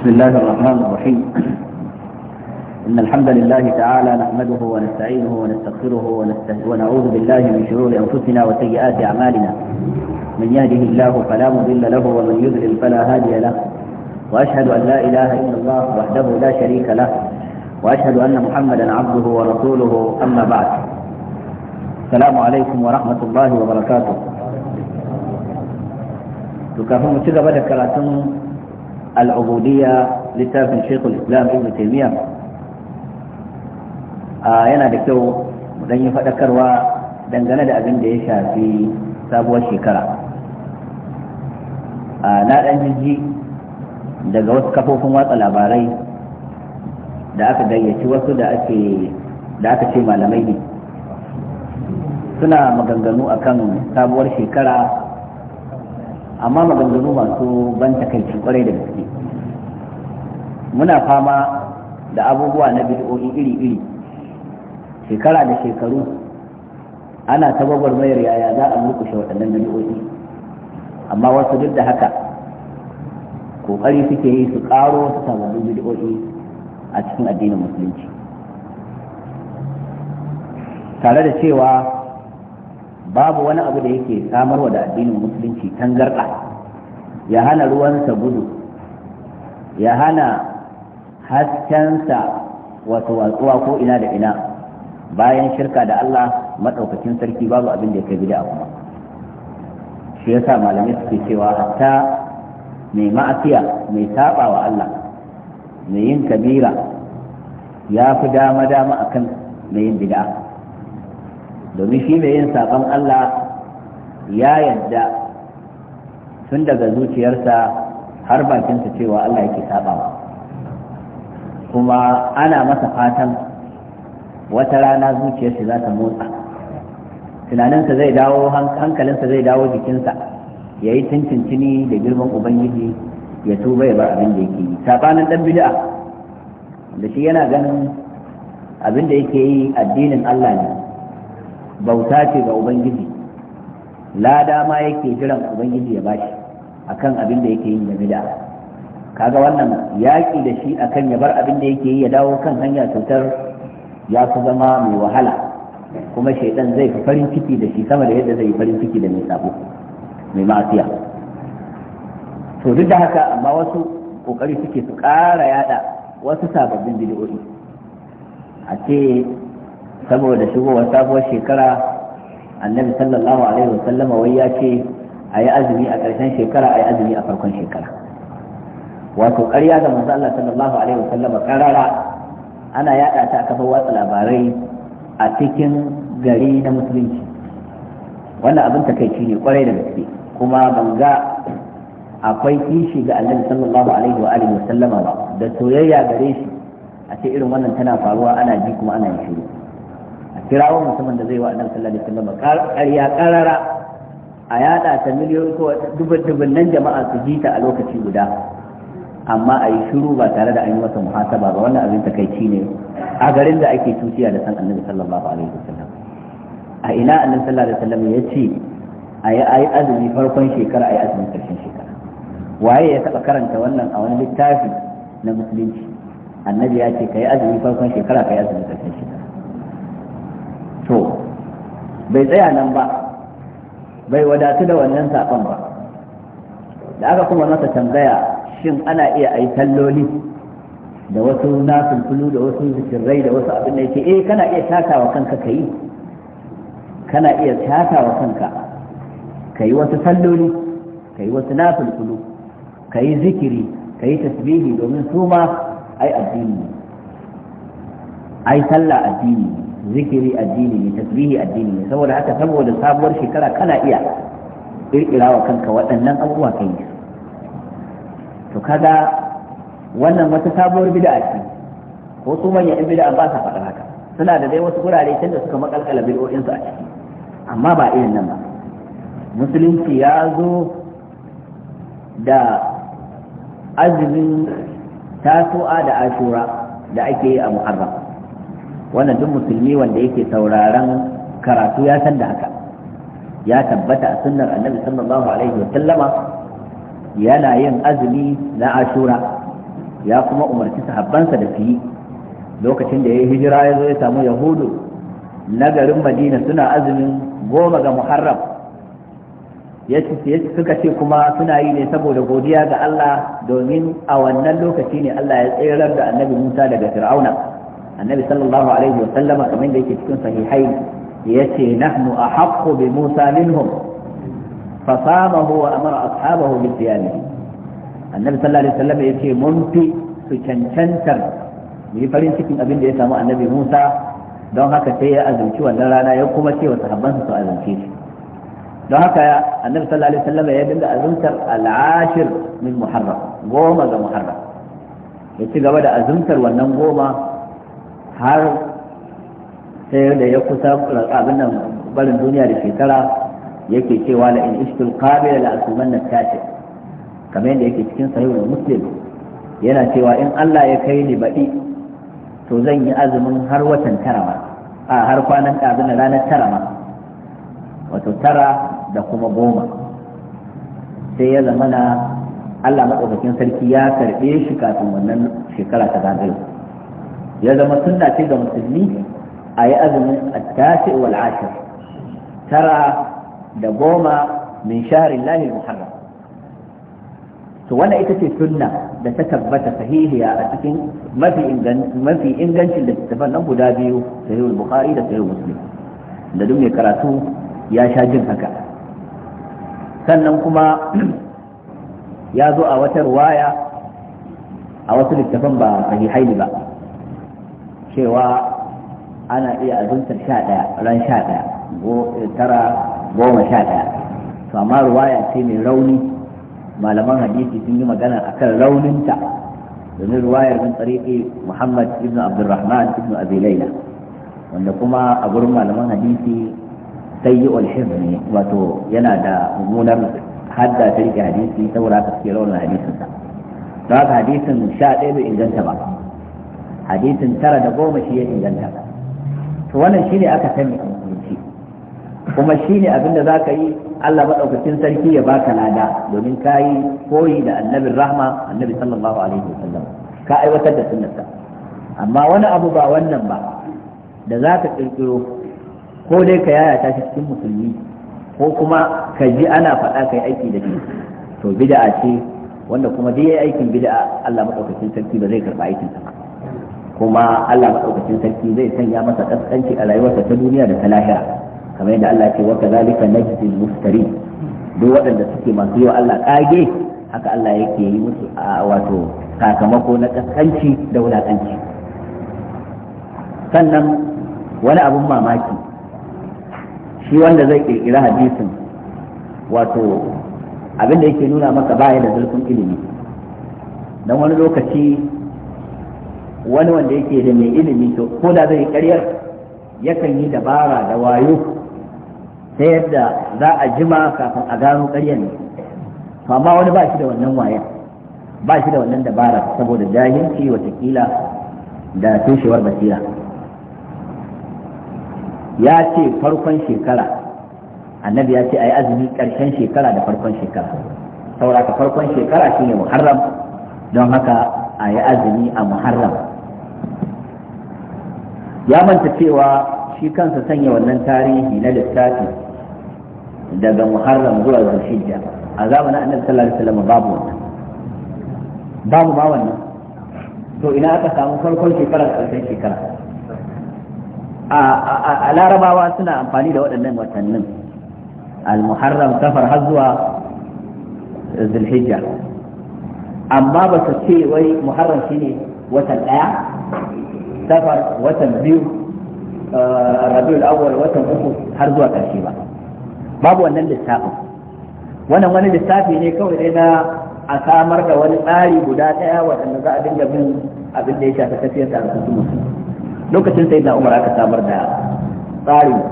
بسم الله الرحمن الرحيم إن الحمد لله تعالى نحمده ونستعينه ونستغفره ونعوذ بالله من شرور أنفسنا وسيئات أعمالنا من يهده الله فلا مضل له ومن يضلل فلا هادي له وأشهد أن لا إله إلا الله وحده لا شريك له وأشهد أن محمدا عبده ورسوله أما بعد السلام عليكم ورحمة الله وبركاته تكافئ متجبة كراتون al al'ubudiyya littafin shekul islam ibn taimiyya yana da kyau mu dan faɗakarwa dangane da abin da ya shafi sabuwar shekara na ɗan jijji daga wasu kafofin watsa labarai da aka gayyaci wasu da aka ce malamai ne suna maganganu akan sabuwar shekara amma maganganu masu ban takaici kwarai da gaske muna fama da abubuwa na bid'o'i iri-iri shekara da shekaru ana tabbabar mayar yaya za a murkushe waɗannan bid'o'i amma wasu duk da haka ƙoƙari suke yi su ƙaro wasu sababbin bid'o'i a cikin addinin musulunci tare da cewa babu wani abu da yake samarwa da addinin musulunci tangarɗa ya hana ruwansa gudu ya hana haskensa wato watsuwa ko ina da ina bayan shirka da Allah maɗaukakin sarki babu abin da ya kai a kuma shi yasa malamai suke cewa hatta mai ma'afiya mai saɓawa wa Allah mai yin kabira ya fi dama dama akan mai yin bid'a domin shi mai yin saƙon Allah ya yadda tun daga zuciyarsa har bakinsa cewa Allah yake saɓawa kuma ana masa fatan wata rana zuciyarsa za ta motsa tunaninsa zai dawo hankalinsa zai dawo jikinsa ya yi tuntuntuni da girman ubangiji ya tuba ya bar abin da yake yi saɓanin ɗan bid'a da shi yana ganin abin da yake yi addinin Allah ne bauta ce ga ubangiji lada ma yake jiran ubangiji ya bashi akan abin da yake yin da kaga wannan yaƙi da shi akan ya bar abin da yake yi ya dawo kan hanya cutar ya fi zama mai wahala kuma shaidan zai fi farin ciki da shi sama da yadda zai yi farin ciki da mai sabo mai ma'asiya to duk da haka amma wasu kokari suke su ƙara yada wasu sababbin bidiyoyi a ce saboda shigowar sabuwar shekara annabi sallallahu alaihi wasallama wai ya ce a yi azumi a ƙarshen shekara a yi azumi a farkon shekara wato ƙarya ga manzo Allah sallallahu alaihi wasallama ƙarara ana yada ta a kafar watsa labarai a cikin gari na musulunci wannan abin takaici ne kwarai da gaske kuma ban ga akwai kishi ga annabi sallallahu alaihi wa alihi wasallama ba da soyayya gare shi a ce irin wannan tana faruwa ana ji kuma ana yin shiru kirawo mutumin da zai wa annabi sallallahu alaihi wasallam ƙarya ƙarara a yada ta miliyoyi ko dubin nan jama'a su ji a lokaci guda amma a yi shiru ba tare da an yi masa muhasaba ba wannan abin takaici ne a garin da ake tuciya da san annabi sallallahu alaihi wasallam a ina annabi sallallahu alaihi wasallam ya ce a yi azumi farkon shekara a yi azumi karshen shekara waye ya taɓa karanta wannan a wani littafi na musulunci annabi ya ce ka yi azumi farkon shekara ka yi azumi karshen shekara to bai tsaya nan ba bai wadatu da wannan saƙon ba da aka kuma masa tambaya shin ana iya ai talloli da wasu nasin tulu da wasu zikirrai da wasu abin da yake eh kana iya tatawa kanka ka yi kana iya tatawa kanka ka yi wasu talloli ka yi wasu nasin tulu ka yi zikiri ka yi tasbihi domin su ma ai addini ai sallah addini ne zikiri addini ne tasbihi addini ne saboda haka saboda sabuwar shekara kana iya kirkira wa kanka waɗannan abubuwa kai to kaga wannan wata sabuwar bid'a ce ko su manyan ɗan bid'a ba sa faɗa haka suna da dai wasu gurare can suka makalkala bid'o'in su a ciki amma ba irin nan ba musulunci ya zo da azumin tasu'a da ashura da ake yi a muharram wannan duk musulmi wanda yake sauraron karatu ya san da haka ya tabbata a sunnar annabi sallallahu alaihi wa sallama yana yin azumi na ashura ya kuma umarci sahabbansa da su yi lokacin da ya yi hijira ya zo ya samu yahudu na garin madina suna azumin goma ga muharram suka ce kuma suna yi ne saboda godiya ga Allah domin a wannan lokaci ne Allah ya tserar da annabi Musa daga Fir'auna annabi sallallahu alaihi wa sallama kamar da yake cikin sahihai yace nahnu ahaqqu bi Musa minhum fa samahu wa amara ashabahu bi siyamihi annabi sallallahu alaihi wa sallama yace mun fi su cancantar yi farin cikin abin da ya samu annabi Musa don haka sai ya azumci wannan rana ya kuma ce wa sahabbansa su azumce shi don haka annabi sallallahu alaihi wasallam ya dinga azumtar al'ashir min muharram goma ga muharram ya ci gaba da azumtar wannan goma har sai da ya kusa abin nan barin duniya da shekara yake cewa la in ishtul qabil la asumanna tashi kamar yadda yake cikin sahihul muslim yana cewa in Allah ya kai ni baɗi to zan yi azumin har watan tara ma a har kwanan abin ranar tara ma wato tara da kuma goma sai ya zamana Allah maɗaukakin sarki ya karɓe shi kafin wannan shekara ta zagayo ya zama sunna ce ga musulmi a yi azumin a wal ashir tara da goma min sharin lahi muharram to wannan ita ce sunna da ta tabbata sahihiya a cikin mafi ingancin littattafan nan guda biyu sahihul bukhari da sahihul muslim da duk mai karatu ya sha jin haka sannan kuma ya zo a wata ruwaya a wasu littafan ba sahihai ba cewa ana iya azuntar sha ɗaya ran sha ɗaya eh, tara goma sha ɗaya to amma ruwaya ce mai rauni malaman hadisi sun yi magana akan rauninta domin ruwayar min tsariƙi muhammad ibn abdurrahman ibn abi laila wanda kuma a gurin malaman hadisi sai yi ne wato yana da mummunar hadda ta riƙe hadisi saboda haka suke raunin hadisinsa don haka hadisin sha ɗaya bai inganta ba hadisin tara da goma shi ya inganta to wannan shine aka sani a musulunci kuma shine abin da zaka yi Allah madaukakin sarki ya baka lada domin kayi koyi da annabin rahma annabi sallallahu alaihi wasallam ka aiwatar da sunnarsa amma wani abu ba wannan ba da zaka kirkiro ko dai ka yayata shi cikin musulmi ko kuma ka ji ana faɗa yi aiki da shi to bid'a ce wanda kuma dai aikin bid'a Allah madaukakin sarki ba zai karba aikin sa ba kuma Allah madaukakin sarki zai sanya masa kaskanci a rayuwarsa ta duniya da ta lahira kamar yadda Allah ce wa zalika najzil muftari duk waɗanda suke masu yi wa Allah kage haka Allah yake yi musu a wato sakamako na kaskanci da wulaƙanci. sannan wani abun mamaki shi wanda zai ƙirƙira hadisin wato abin da yake nuna maka baya da zurfin ilimi don wani lokaci wani wanda yake da mai ilimi to ko da zai karyar yakan yi dabara da wayo ta yadda za a jima kafin a gano karyar ne to amma wani ba shi da wannan wayan ba shi da wannan dabara saboda jahilci watakila da tushewar basira ya ce farkon shekara annabi ya ce a yi azumi ƙarshen shekara da farkon shekara sauraka farkon shekara shine muharram don haka a yi azumi a muharram ya manta cewa shi kansa sanya wannan tarihi na lissafi daga muharram zuwa zulhijja a zamanin annabi sallallahu alaihi wasallam babu wannan babu ma wannan to ina aka samu farkon shekara da ƙarshen shekara a larabawa suna amfani da waɗannan watannin al-muharram safar har zuwa zulhijja amma ba su ce wai muharram shine watan ɗaya safar watan biyu eh, rabiul awwal watan uku har zuwa ƙarshe ba babu wannan lissafin wannan wani littafi ne kawai dai na a samar da wani tsari guda ɗaya waɗanda za a dinga bin abin da ya shafi tafiyar da al'umma lokacin sai da umar aka samar da tsarin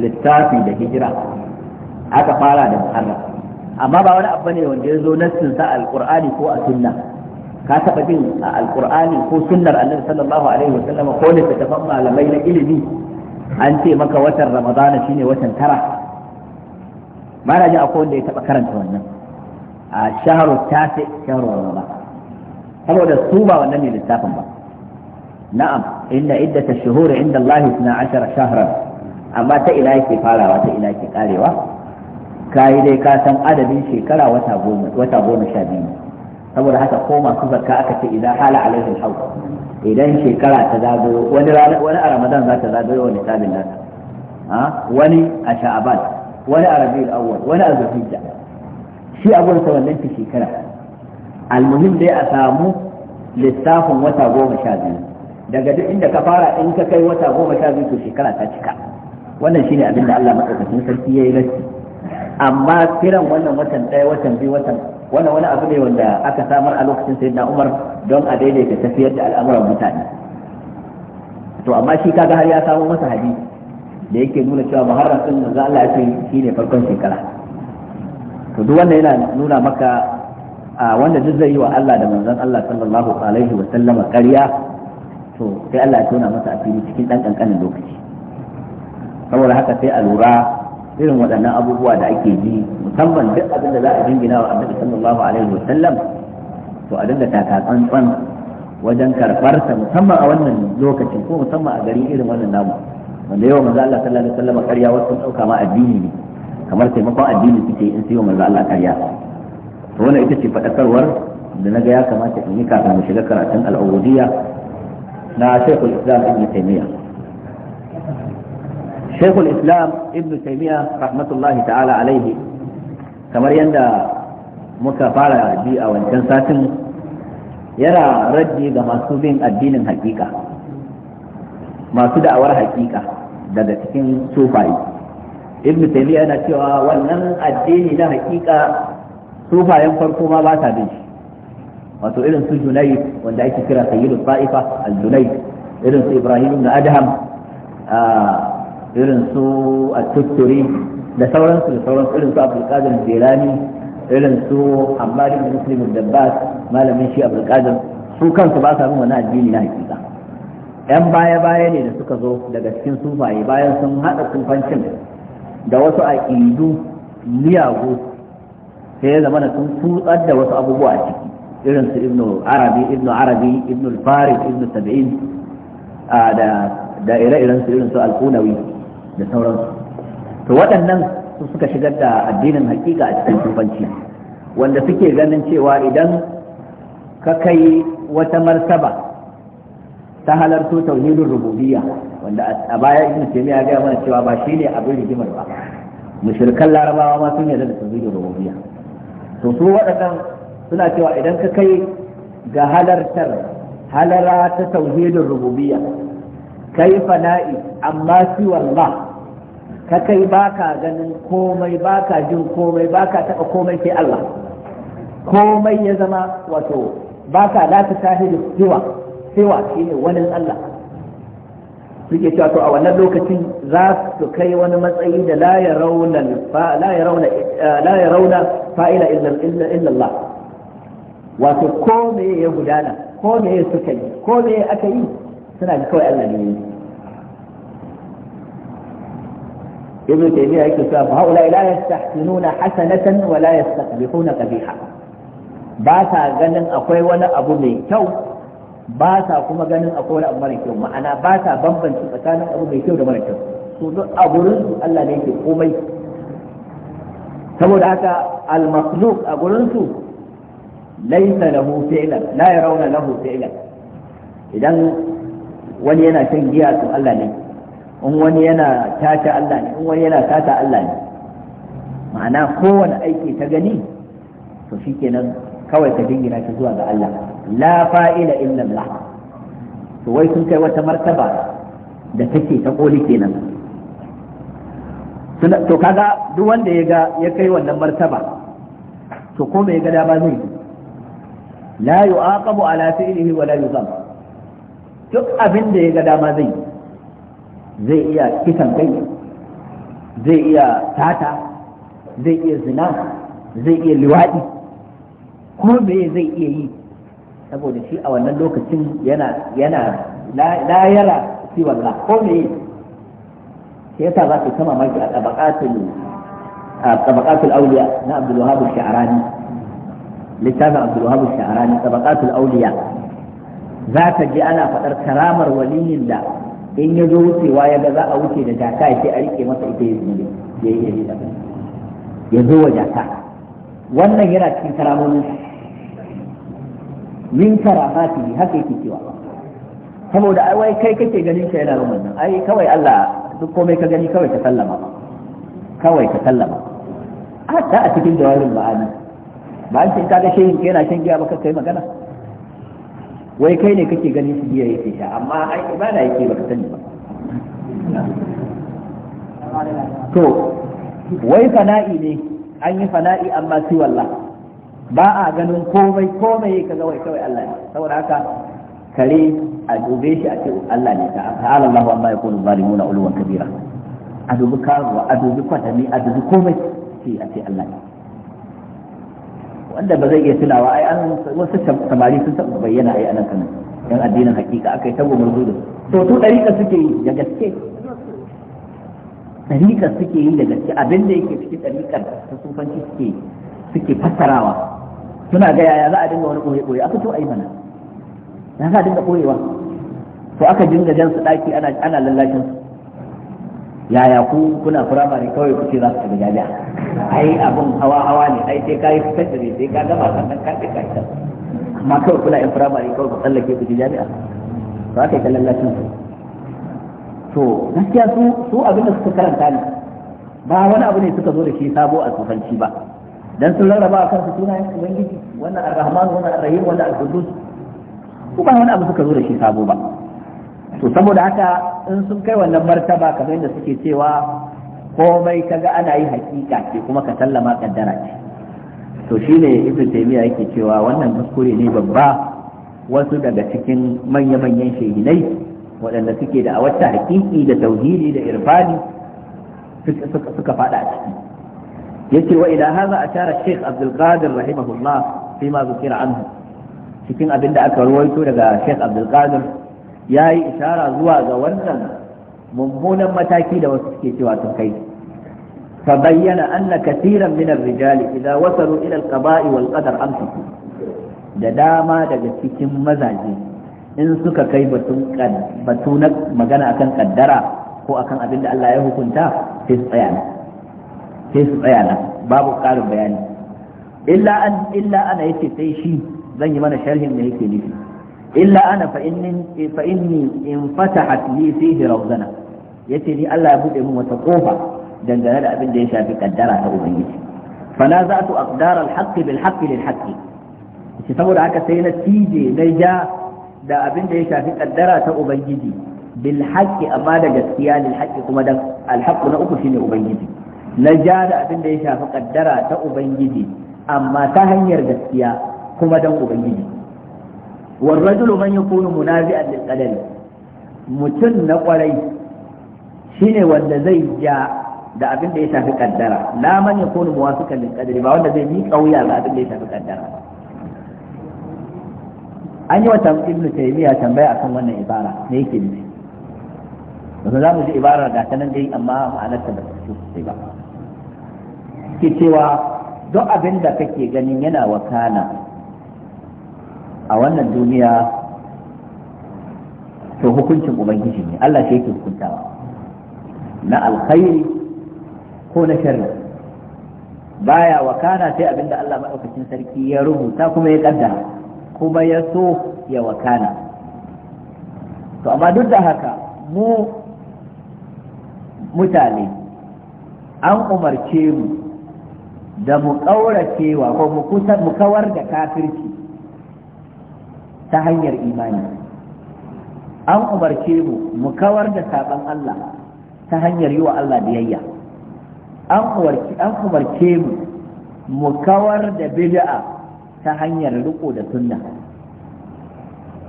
littafi da hijira aka fara da muharram amma ba wani abu ne wanda ya zo nassin sa alqur'ani ko a sunna ka taɓa jin a alƙur'ani ko sunnar annabi sallallahu alaihi wasallam ko ne ta tafan malamai na ilimi an ce maka watan ramadana shine watan tara ba ji akwai wanda ya taɓa karanta wannan a shaharu tafi shaharu ramadana saboda su ba wannan ne littafin ba na'am inna iddata shuhuri inda Allah 12 shahran amma ta ina yake farawa ta ina yake karewa yi dai ka san adadin shekara wata goma sha biyu saboda haka ko masu zakka aka ce idan hala alaihi haul idan shekara ta zagayo wani wani a ramadan za ta zagayo wani tabin nata ha wani a sha'aban wani a rabiul awwal wani a zulhijja shi abun sa wannan ki shekara almuhim dai a samu lissafin wata goma sha biyu daga duk inda ka fara in ka kai wata goma sha biyu to shekara ta cika wannan shine abin da Allah madaukakin sarki yayi gaske amma kiran wannan watan ɗaya watan biyu watan wannan wani abu ne wanda aka samar a lokacin sayyidina Umar don a daidaita tafiyar da al'amuran mutane to amma shi kaga har ya samu masa hadi da yake nuna cewa muharram din manzo Allah ya ce shine farkon shekara to duk wannan yana nuna maka a wanda duk zai yi wa Allah da manzon Allah sallallahu alaihi wa sallama ƙarya to sai Allah ya tona masa asiri cikin dan kankanin lokaci saboda haka sai a lura irin waɗannan abubuwa da ake ji musamman duk abin da za a jingina wa annabi sallallahu alaihi wa sallam to a dinga taka tsantsan wajen karɓar ta musamman a wannan lokacin ko musamman a gari irin wannan namu wanda yawa manzo Allah sallallahu alaihi wa sallam ƙarya wasu sun ɗauka ma addini ne kamar taimakon addini suke in sai manzo Allah ƙarya to wannan ita ce faɗakarwar da na ga ya kamata in yi kafin mu shiga karatun al'awudiyya na Sheikhul Islam Ibn Taymiyyah shaykhul islam ibn taymiya rahmatullahi ta'ala alaihi kamar yadda muka fara ji a wancan satin yana raddi ga masu bin addinin hakika masu da'awar hakika daga cikin sufayi ibn taymiya yana cewa wannan addini na hakika sufayen farko ma ba ta bin shi wato irin su junayid wanda ake kira sayyidu Sa'ifa al-junayid irin su ibrahim ibn adham ah, irin su a tutturi da sauransu da sauransu irin su abdulkadir jelani irin su ammar ibn muslim dabbas malamin shi abdulkadir su kansu ba sa bin wani addini na hakika yan baya baya ne da suka zo daga cikin sufaye bayan sun hada sufancin da wasu a aqidu miyagu sai ya zama sun tutsar da wasu abubuwa a ciki irin su ibnu arabi ibnu arabi ibnu farid ibnu sab'in da ire-iren su irin su al-qunawi da sauransu to waɗannan su suka shigar da addinin hakika a cikin tufanci, wanda suke ganin cewa idan ka kai wata martaba ta halarto tauhidin rububiyya wanda a baya ibn taymiya ya gaya mana cewa ba shine abin rigimar ba mushrikan larabawa ma sun yarda da tauhidin rububiyya to su waɗannan suna cewa idan ka kai ga halartar halara ta tauhidin rububiyya kai fana'i amma siwa Allah ka kai baka ganin komai baka jin komai baka taɓa komai sai Allah komai ya zama wato baka la ta sahidu siwa siwa shine wani Allah suke cewa to a wannan lokacin za su kai wani matsayi da la ya rauna eh, la ya rauna fa'ila illa Allah wato komai ya gudana komai me suka yi ko aka yi suna ga kawai Allah ne ibn taymiya yake cewa haula la yastahsinuna hasanatan wa la yastaqbihuna qabiha ba sa ganin akwai wani abu mai kyau ba sa kuma ganin akwai wani abu mara kyau ma'ana ba sa bambanci tsakanin abu mai kyau da mara kyau su duk a gurin su Allah ne yake komai saboda haka al-makhluq a gurin su laysa lahu fi'lan la yarawna lahu fi'lan idan wani yana shan giya to Allah ne in wani yana tata Allah ne in wani yana tata Allah ne ma'ana kowane aiki ta gani to shikenan kawai ka jingina shi zuwa ga Allah la fa'ila illa Allah to wai sun kai wata martaba da take ta koli kenan to kaga duk wanda ya ga ya kai wannan martaba to ko mai ga dama zai la yu'aqabu ala fi'lihi wa la yuzam duk abin da ya ga dama zai yi. zai iya kisan kai zai iya tata zai iya zina zai iya liwaɗi ko me zai iya yi saboda shi a wannan lokacin yana yana la yara fi wallah ko me sai yasa za su kama maki a tabaqatul a tabaqatul awliya na Abdul Wahhab al-Sha'rani littafin Abdul Wahhab al-Sha'rani tabaqatul awliya za ka ji ana faɗar karamar waliyin da in ya zo wucewa ya ga za a wuce da jaka ya ce a rike masa ita ya zure ya yi yari da ya zo wa jaka wannan yana cikin karamomin min karamati haka yake cewa saboda ai wai kai kake ganin ka yana wannan ai kawai Allah duk komai ka gani kawai ka sallama kawai ka sallama a ta a cikin jawabin ba'ani ba an cin kaga shehin yana shan giya ba kai magana wai kai ne kake ganin su biya yake sha amma ai ibada yake ba ka sani ba to wai fana'i ne an yi fana'i amma su wallah ba a ganin komai komai ga wai kawai Allah ne saboda haka kare a dube shi a ce Allah ne ta'ala Allahu amma yakunu zalimuna ulwan kabira a dubi karuwa a dubi kwatami a dubi komai sai a ce Allah ne wanda ba zai iya tunawa ai an wasu samari sun taɓa bayyana ai anan kan yan addinin hakika aka yi tabo murzu da to to dariƙa suke yi da gaske dariƙa suke yi da gaske abin da yake cikin dariƙar ta sufanci suke suke fassarawa suna ga yaya za a dinga wani ɓoye ɓoye aka to ai mana ya za a dinga koyewa to aka dinga jan su ɗaki ana ana lallashin su yaya ku kuna firamare kawai kuke za su ga jami'a ai abun hawa hawa ne ai sai kai secondary sai ka gama sannan ka kai kai amma kawai kula in primary kawai ka tsallake ku ji jami'a to aka yi kallon lafiyar to gaskiya su su abin da suka karanta ne ba wani abu ne suka zo da shi sabo a tsofanci ba dan sun rarraba a kansu sunayen ubangiji wannan ar-rahman wannan ar-rahim wannan al-qudus ba wani abu suka zo da shi sabo ba to saboda haka in sun kai wannan martaba kamar yadda suke cewa komai kaga ana yi hakika ce kuma ka sallama kaddara ce to shine ibnu taymiya yake cewa wannan kuskure ne babba wasu daga cikin manya-manyan shehinai waɗanda suke da a wata hakiki da tauhidi da irfani suka faɗa a ciki yace wa ila hadha ashara sheikh abdul qadir rahimahullah fi ma zukira anhu cikin abinda aka ruwaito daga shek abdul qadir yayi ishara zuwa ga wannan mummunan mataki da wasu suke cewa sun kai fa bayyana anna katiran min ar-rijal idza wasalu ila al-qaba'i wal qadar amsaku da dama daga cikin mazaje in suka kai batun batu na magana akan kaddara ko akan abin da Allah ya hukunta sai su tsaya sai su tsaya babu karin bayani illa an illa ana yace sai shi zan yi mana sharhin da yake nufi illa ana fa inni fa inni in fatahat li fihi rawzana yace ni Allah ya bude min wata kofa dangane da abin da ya shafi kaddara ta ubangiji fa za su aqdar al haqq bil haqq lil haqq shi saboda haka sai na tije na ja da abin da ya shafi kaddara ta ubangiji bil haqq amma da gaskiya lil haqq kuma da al na uku shine ubangiji na ja da abin da ya shafi kaddara ta ubangiji amma ta hanyar gaskiya kuma dan ubangiji والرجل من يكون منازعا للقدر mutum na kwarai shine wanda zai ja da abin da ya shafi kaddara la man yakunu muwafiqan lil qadri ba wanda zai yi kauya ga abin da ya shafi kaddara an yi wata ibnu taymiya tambaya akan wannan ibara me yake nufi Ba za mu ji ibara ga ta nan dai amma ma'anar ta ba su sai ba ke cewa duk abin da kake ganin yana wakana a wannan duniya to hukuncin ubangiji ne Allah shi yake hukuntawa na alkhairi ko na sharri baya wakana sai abinda Allah maɗaukacin sarki ya rubuta kuma ya ƙaddara kuma ya so ya wakana to amma duk da haka mu mutane an umarce mu da mu ƙauracewa ko mu kusa mu kawar da kafirci ta hanyar imani an umarce mu mu kawar da sabon Allah ta hanyar yi wa Allah biyayya an umarce mu mu kawar da bid'a ta hanyar riko da sunna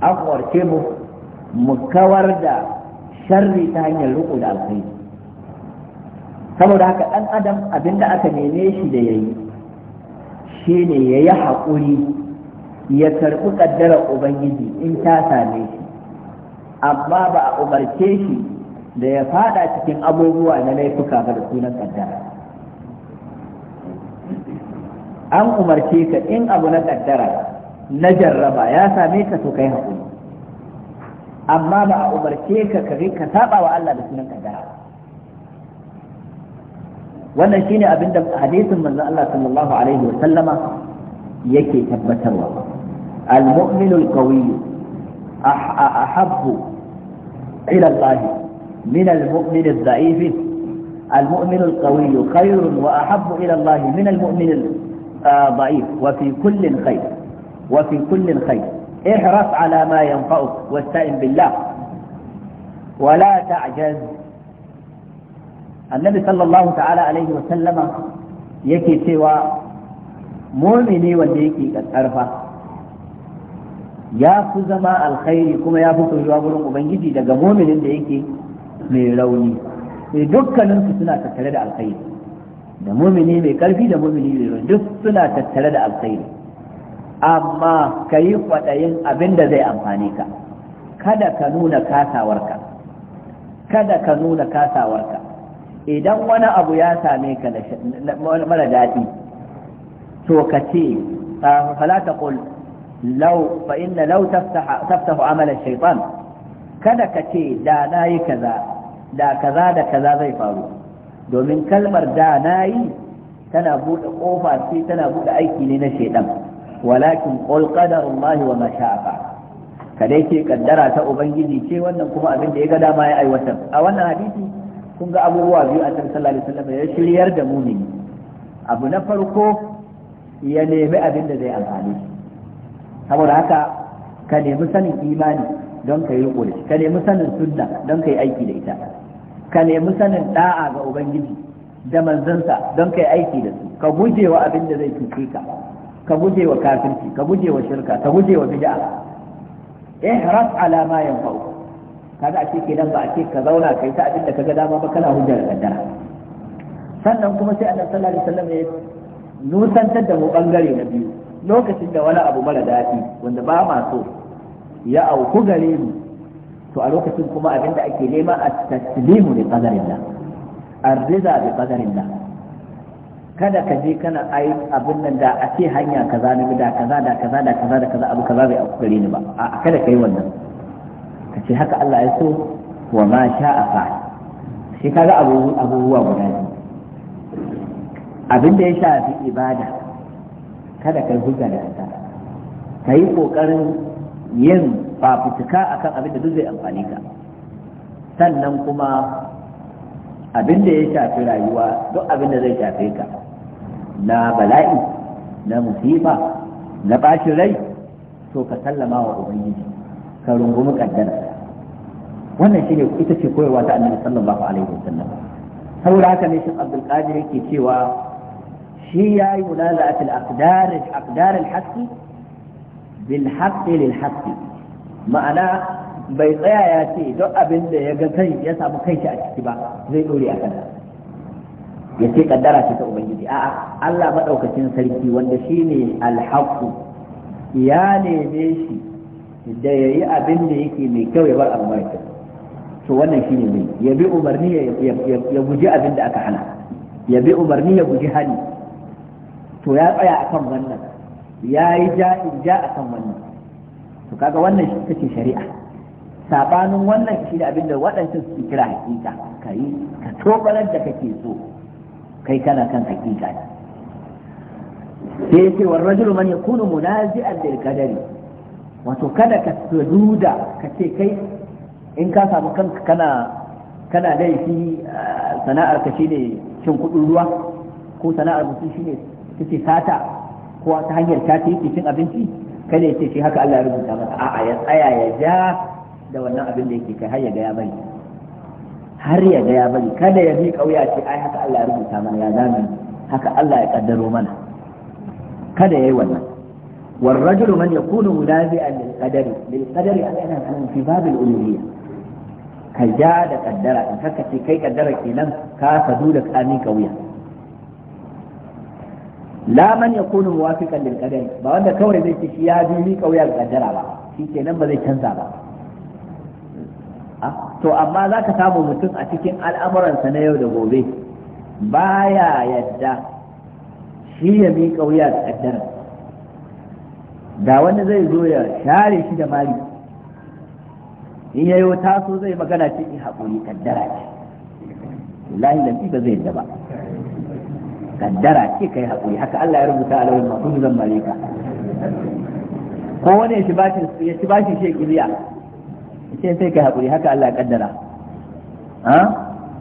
an umarce mu mu kawar da sharri ta hanyar riko da alkhairi saboda haka ɗan adam abinda aka neme shi da yayi shine yayi haƙuri ya karɓi ƙaddarar ubangiji in ta same shi amma ba a umarce shi da ya fada cikin abubuwa na laifuka ga sunan kaddara an umarce ka in abu na kaddara na jarraba ya same ka to kai haƙuri amma ba a umarce ka kare ka saba wa Allah da sunan kaddara wannan shine abin da hadisin manzo Allah sallallahu alaihi wa sallama yake tabbatarwa al-mu'minul muminu qawiyyu ah, ah, ahabbu ila Allah من المؤمن الضعيف المؤمن القوي خير وأحب إلى الله من المؤمن الضعيف آه، وفي كل خير وفي كل خير احرص على ما ينفعك واستعن بالله ولا تعجز النبي صلى الله تعالى عليه وسلم يكي سوى مؤمني والديكي yake يا ya الخير كما alkhairi kuma ya fi soyuwa gurin ubangiji daga mai rauni sai eh, dukkanin su suna tattare da alkhairi da mumini mai karfi da mumini mai rauni duk suna tattare da alkhairi amma ka yi kwaɗayin abin da zai amfane ka kada ka nuna kasawarka kada ka nuna kasawarka idan wani abu ya same ka mara daɗi to ka ce ah, fala ta لو فإن لو تفتح تفتح عمل الشيطان kada ka ce da na yi kaza da kaza da kaza zai faru domin kalmar da na yi tana buɗe ƙofa sai tana buɗe aiki ne na shaidan walakin qul qadarullahi wa ma sha'a kadai ce kaddara ta ubangiji ce wannan kuma abin da ya ga dama ya aiwatar a wannan hadisi kun ga abubuwa biyu a cikin sallallahu alaihi wasallam ya shiryar da mumini abu na farko ya nemi abin da zai amfani saboda haka ka nemi sanin imani don ka yi ƙuri ka nemi sanin sunna don ka yi aiki da ita ka nemi sanin da'a ga ubangiji da manzansa don kai aiki da su ka guje wa abin da zai cuce ka ka guje wa kafirci ka guje wa shirka ka guje wa bid'a ihras ala ma yanfa'u kaga ake kenan ba ake ka zauna kai ta abin da kaga dama ba kana hujjar kaddara sannan kuma sai annabi sallallahu alaihi wasallam ya nusantar da mu bangare na biyu lokacin da wani abu mara daɗi wanda ba ma so ya auku gare mu to a lokacin kuma abinda ake nema a taslimu bi qadarillah arziza bi qadarillah kada ka je kana ai abin nan da a ce hanya kaza ne da kaza da kaza da kaza da kaza abu kaza bai auku gare ni ba a kada ka yi wannan ka ce haka Allah ya so wa ma sha'a fa'al shi kaga abubuwa guda biyu Abinda da ya shafi ibada kada kai hujja da kanta yi ƙoƙarin yin fafutuka akan abin da duk zai amfani ka sannan kuma abin da ya shafi rayuwa duk abin da zai shafe ka na bala'i na musifa na bacin rai to ka sallama wa ubangiji ka rungumi kaddara wannan shine ita ce koyarwa ta annabi sallallahu alaihi wasallam saboda haka ne shin abdul qadir yake cewa shi yayi munaza'atul aqdar aqdar al-haqqi bil haqqi lil haqqi ma'ana bai tsaya ya ce don abin da ya ga kai ya samu kanshi a ciki ba zai dore a kansa ya ce kaddara ce ta ubangiji a'a Allah madaukakin sarki wanda shine alhaqu ya neme shi da yayi abin da yake mai kyau ya bar abu mai kyau to wannan shine mai ya bi umarni ya guji abin da aka hana ya bi umarni ya guji hani to ya tsaya akan wannan ya yi ja in ja akan wannan to kaga wannan shi take shari'a sabanin wannan shi da abinda waɗancan su kira hakika kai ka tobarar da kake so kai kana kan hakika ne sai yake wa rajulu man yakunu munazi'an lil qadari wato kada ka duda ka ce kai in ka samu kanka kana kana laifi sana'ar ka shine cin kudin ruwa ko sana'ar mutum shine kace sata ko ta hanyar ta yake cin abinci kada ya ce shi haka Allah ya rubuta masa a'a ya tsaya ya ja da wannan abin da yake kai har ya ga ya bari har ya ga ya bari kada ya bi kauya ce ai haka Allah ya rubuta mana ya zami haka Allah ya kaddaro mana kada yayi wannan man والرجل من يكون ملازئا للقدر للقدر أنا في باب الألوهية ka ja da kaddara in ka ce kai kaddara kenan ka sadu da kami ka wuya la man yakunu muwafiqan lil qadari ba wanda kawai zai ci ya bi ni kauyar kaddara ba shikenan ba zai canza ba ah, to amma za ka samu mutum a cikin al'amuransa na yau da gobe baya yadda shi ya miƙa wuya da ƙaddara da wani zai zo ya share shi da mali in ya yi taso zai magana cikin haƙuri ƙaddara ce lahi lafi ba zai yadda ba kaddara ce kai haƙuri haka Allah ya rubuta alawin masu zan malika ko wani ya ci bashin shi kiliya ce sai kai haƙuri haka Allah ya kaddara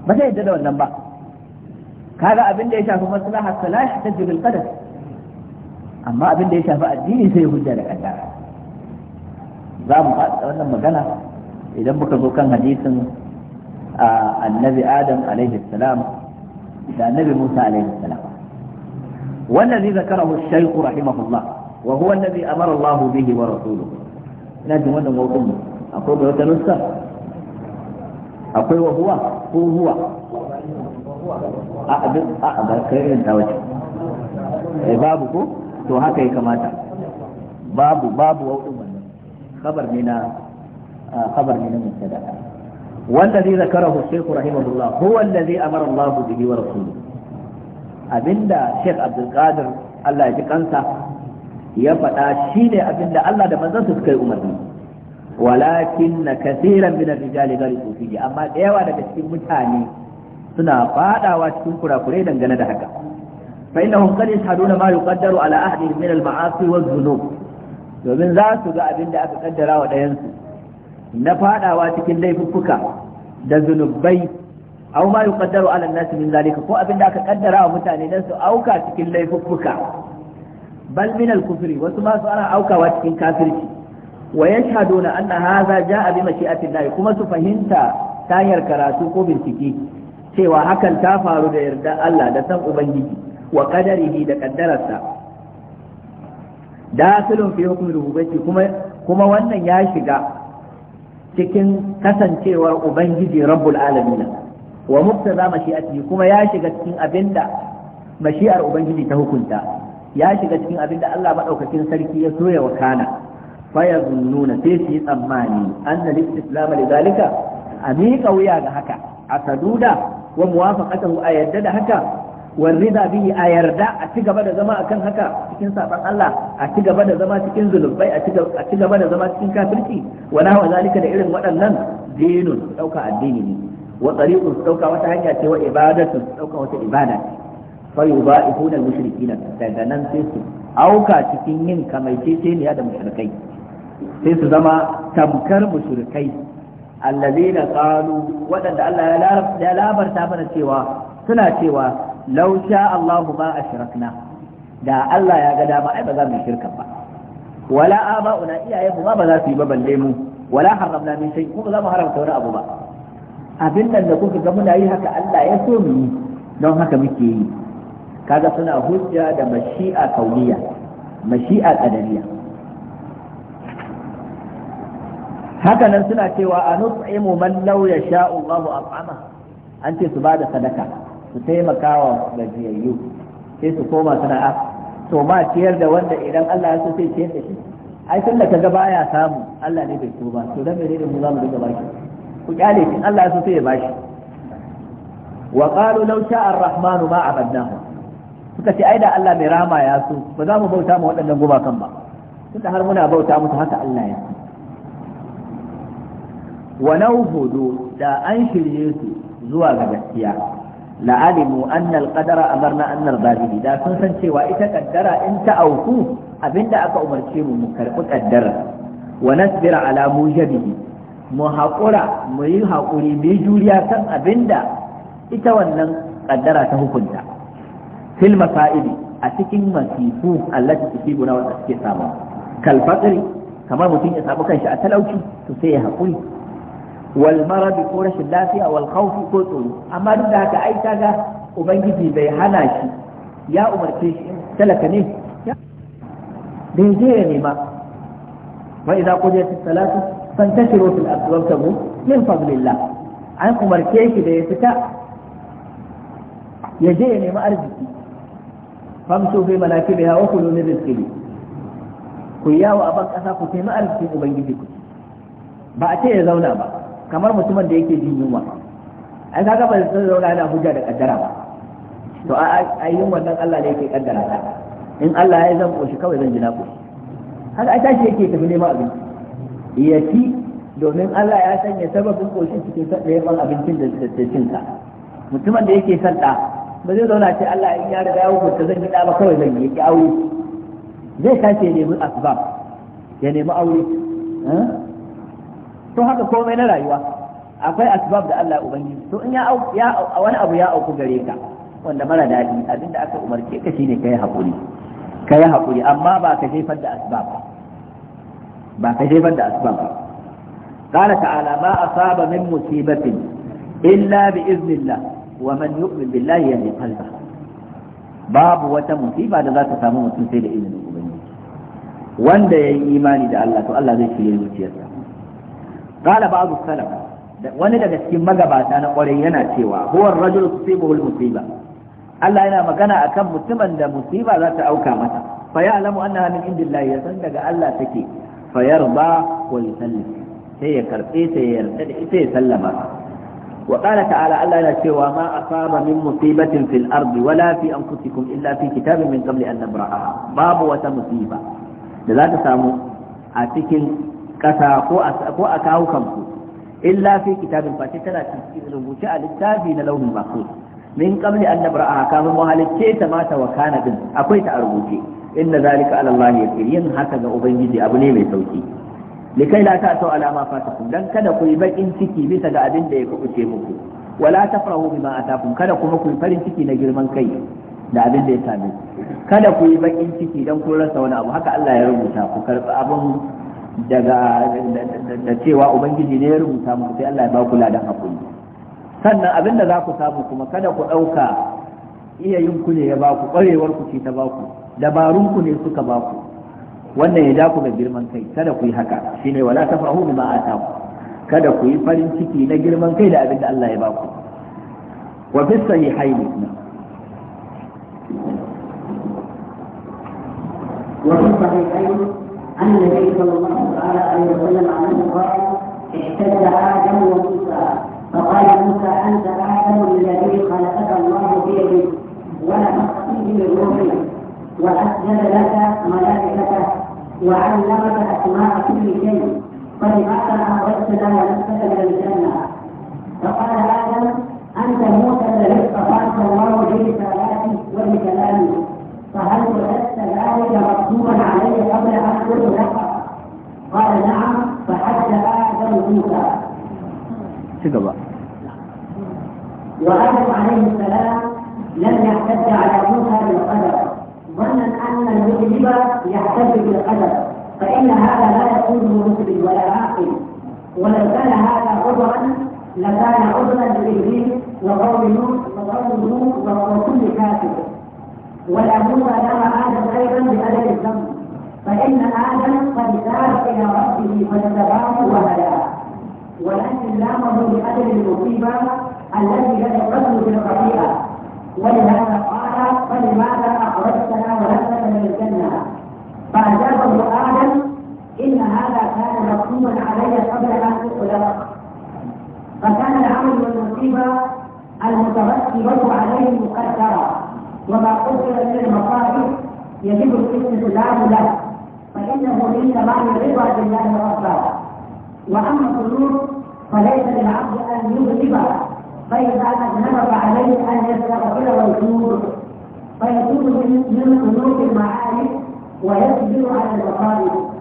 ba sai yadda da wannan ba kaga abin da ya shafi maslaha ta la yahtajju bil qadar amma abin da ya shafi addini sai hujja da kaddara za mu faɗa wannan magana idan muka zo kan hadisin annabi adam alaihi salam da annabi musa alaihi salam والذي ذكره الشيخ رحمه الله وهو الذي الله به ورسوله وانا وهو هو هو بابك تو هكا wannan khabar ne bihi abinda Sheikh Abdul Qadir Allah ya ji kansa ya faɗa shine abinda Allah da manzansa suka yi umarni walakin na kasiran min ar-rijali ghariqu fihi amma da yawa daga cikin mutane suna fadawa cikin kurakurai dangane da haka fa innahum qad yashhaduna ma yuqaddaru ala ahadin min al-ma'asi wadh-dhunub domin za su ga abinda aka kaddara wa ɗayansu na fadawa cikin laifuffuka da zunubai aw ma yuqaddaru ala an-nas min zalika ko abin da aka kaddara wa mutane dan su auka cikin laifuffuka bal min al-kufri wasu ma su ana aukawa cikin kafirci wa yashhaduna anna hadha jaa bi mashi'ati Allah kuma su fahimta ta hanyar karatu ko bincike cewa hakan ta faru da yarda Allah da san ubangiji wa qadarihi da kaddararsa dakhilun fi hukmi rububiyyati kuma kuma wannan ya shiga cikin kasancewar ubangiji rabbul alamin wa muktaza mashi'atihi kuma ya shiga cikin abinda mashi'ar ubangiji ta hukunta ya shiga cikin da Allah madaukakin sarki ya soya wa kana fa yazunnuna sai su yi tsammani anna al-islam lidhalika a miƙa wuya ga haka a saduda wa muwafaqatahu a yadda da haka warrida bihi a yarda a ci gaba da zama akan haka cikin sabon Allah a ci gaba da zama cikin zulubai a ci gaba da zama cikin kafirci wa nahwa zalika da irin waɗannan dinun dauka addini ne wa tariqun su ɗauka wata hanya ce wa ibadatu su ɗauka wata ibada ce fa yubaihuna al-mushrikeena daga nan sai su auka cikin yin kamaiteceniya da mushrikai sai su zama tamkar mushrikai allazina qalu wadanda Allah ya labarta mana cewa suna cewa law sha Allahu ma ashrakna da Allah ya ga dama ai ba za mu shirka ba wala aba'una iyayenmu ma ba za su yi ba balle mu wala haramna min shay mu za mu haramta wani abu ba abin nan da kuka ga muna yi haka Allah ya so mu yi don haka muke yi kaga suna hujja da mashi'a kauniya mashi'a qadariya haka nan suna cewa a nut'imu man law yasha Allahu at'ama an ce su bada sadaka su taimaka wa gajiyayyu sai su koma suna a to ma ciyar da wanda idan Allah ya so sai ciyar da shi ai tun da kaga baya samu Allah ne bai so ba to dan menene mu za mu dinga baki ku kyale shi Allah ya so sai ya bashi wa qalu law sha'a ar-rahman ma abadnahu suka ce ai da Allah mai rahama ya so ba za mu bauta ma waɗannan gumakan ba tunda har muna bauta musu haka Allah ya so wa nauhudu da an shirye su zuwa ga gaskiya la'alimu anna al-qadara amarna anna al da sun san cewa ita kaddara in ta auku abinda aka umarce mu mu karbi kaddara wa nasbira ala mujabihi mu haƙura mu yi haƙuri mu yi juriya kan abin da ita wannan ƙaddara ta hukunta fil masa'ili a cikin masifu ta tusibu guna wanda suke samu kal kamar mutum ya samu kanshi a talauci to sai ya haƙuri wal maradi ko rashin lafiya wal khawfi ko tsoro amma duk da haka ai kaga ubangiji bai hana shi ya umarce shi talaka ne da je ya nema wa idza qudiyatis salatu San ta fantashiru fil ardi wabtagu min fadlillah an umarce shi da ya fita ya je ya nemi arziki famsu fi manakibiha wa kulu min rizqihi ku yawo a ban kasa ku nemi arzikin ubangiji ku ba a ce ya zauna ba kamar mutumin da yake jin yunwa ai kaga ba zai zauna yana hujja da kaddara ba to a yin wannan Allah ne yake kaddara ta in Allah ya zan koshi kawai zan ji na haka a tashi yake tafi neman abinci ya ci domin Allah ya sanya sababin koshin cikin ban abincin da ke cinta mutumin da yake sadda ba zai zauna ce Allah in ya riga ya hukunta zan yi ɗa ba kawai zan yi aure zai kace ya nemi asbab ya nemi aure to haka komai na rayuwa akwai asbab da Allah ubangiji to in ya wani abu ya auku gare ka wanda mara daɗi abinda aka umarce ka shine kai hakuri kai hakuri amma ba ka jefar da asbab ba ba ka jefar da asuba ba qala ta'ala ma asaba min musibatin illa bi iznillah wa man yu'min billahi yahdi qalba babu wata musiba da za ta samu mutum sai da izinin ubangiji wanda yayi imani da Allah to Allah zai shirye zuciyarsa qala ba'du salaf wani daga cikin magabata na kwarai yana cewa huwa ar-rajulu tusibuhu al-musiba Allah yana magana akan mutumin da musiba za ta auka mata. fa ya alamu annaha min indillahi ya san daga Allah take fa yarda wa yusallim sai ya karbe sai ya yarda da ita ya sallama wa qala ta'ala Allah yana cewa ma asaba min musibatin fil ardi wala fi anfusikum illa fi kitabin min qabli an nabraha babu wata musiba da za ta samu a cikin kasa ko a kawo kanku illa fi kitabin fati tana cikin rubuce a littafi na launin mako min kafin mu halicce ta mata akwai ta a rubuce inna zalika ala Allah yasir yin haka ga ubangiji abu ne mai sauki likai la ta sau alama fatakum dan kada ku yi bakin ciki bisa ga abin da ya kubuce muku wala ta tafrahu bima atakum kada kuma ku yi farin ciki na girman kai da abin da ya same kada ku yi bakin ciki dan kun rasa wani abu haka Allah ya rubuta ku karɓi abun daga da cewa ubangiji ne ya rubuta muku sai Allah ya ba ku ladan hakuri sannan abin da za ku samu kuma kada ku ɗauka iya yin ku ne ya ba ku ƙwarewar ku ce ta ba ku dabarunku ne suka ba ku wannan ya ja ku ga girman kai kada ku yi haka shine wala tafrahu bima ataku kada ku yi farin ciki na girman kai da abin da Allah ya ba ku wa fi sahihaini وفي الصحيحين أن النبي صلى الله عليه وسلم عنه قال اعتدل آدم وموسى فقال موسى أنت آدم الذي خلقك الله بيده ولا تقصيه من روحي وأسجد لك ملائكته وعلمك أسماء كل شيء فلماذا أخرجت لنا نفسك من الجنة فقال آدم أنت موسى الذي اصطفاك الله برسالاتي وبكلامي فهل وجدت ذلك مكتوبا علي قبل أن لك قال نعم فحج آدم موسى تقبل وآدم عليه السلام لم يعتد على موسى بالقدر ظنا ان المذنب يحتاج بالقدر فان هذا لا يكون مذنب ولا عاقل ولو كان هذا عذرا لكان عذرا لابليس وقوم نوح وقوم نوح وكل كافر والامور نرى ادم ايضا بادب الذنب فان ادم قد سار الى ربه فاجتباه وهداه ولكن لامه بادب المصيبه التي لا تقبل بالخطيئه ولهذا قال فلماذا أخرجتنا وهبت من الجنة فأجابه آدم إن هذا كان مكتوبا علي قبل أن أخلق فكان العمل والمصيبة المترتبة عليه مقدرة وما قدر من المصائب يجب الاستسلام له فإنه من كمال الرضا بالله ربا وأما القلوب فليس للعبد أن يغلبها فإذا أذنب فعليه أن يستغفر ويتوب فيتوب من ذنوب المعارف ويصبر على المصائب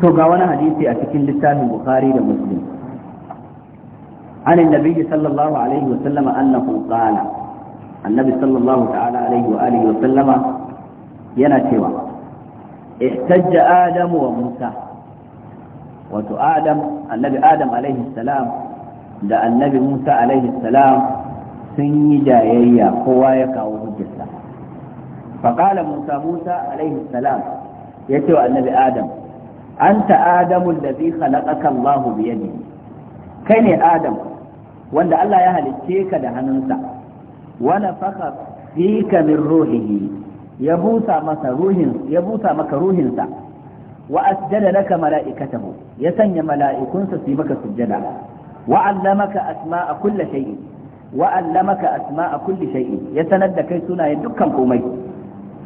to ga wani hadisi a cikin littafin bukhari da muslim an annabi sallallahu alaihi wa sallama annahu qala annabi sallallahu ta'ala alaihi wa alihi wa sallama yana cewa ihtajja adamu wa musa wato adam annabi adam alaihi salam da annabi musa alaihi salam sun yi jayayya kowa ya kawo hujjarsa faƙala musa musa alaihi salam ya ce wa annabi adam an ta'Adamun da zai halakaka allahu biyadi kai ne adam wanda allah ya halicce ka da hannunsa wani faka fika min ruhihi ya busa maka ruhinsa wa asjada laka mala'ikatahu ya sanya mala'ikunsa su yi maka sujjada wa allamaka asma'a kulli shay'in wa ya sanar da kai sunayen dukkan komai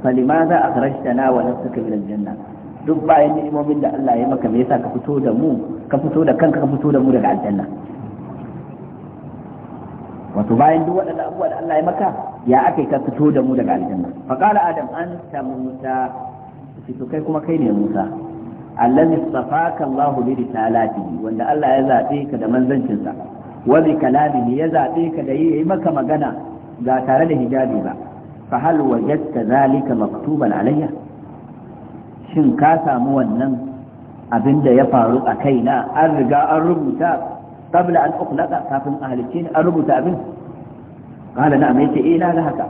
wa duk bayan ni'imomin da Allah ya maka me yasa ka fito da mu ka fito da kanka ka fito da mu daga aljanna wato bayan duk waɗannan abubuwa da Allah ya maka ya aka ka fito da mu daga aljanna fa qala adam anta musa fito kai kuma kai ne musa allazi safaka Allahu bi risalatihi wanda Allah ya zabe ka da manzancin sa wa bi kalamihi ya zabe ka da yi maka magana ga tare da hijabi ba fa hal wajadta zalika maktuban alayya shin ka samu wannan abin ya faru a kaina an riga an rubuta qabla an ukhlaqa kafin ahlice an rubuta abin eh na haka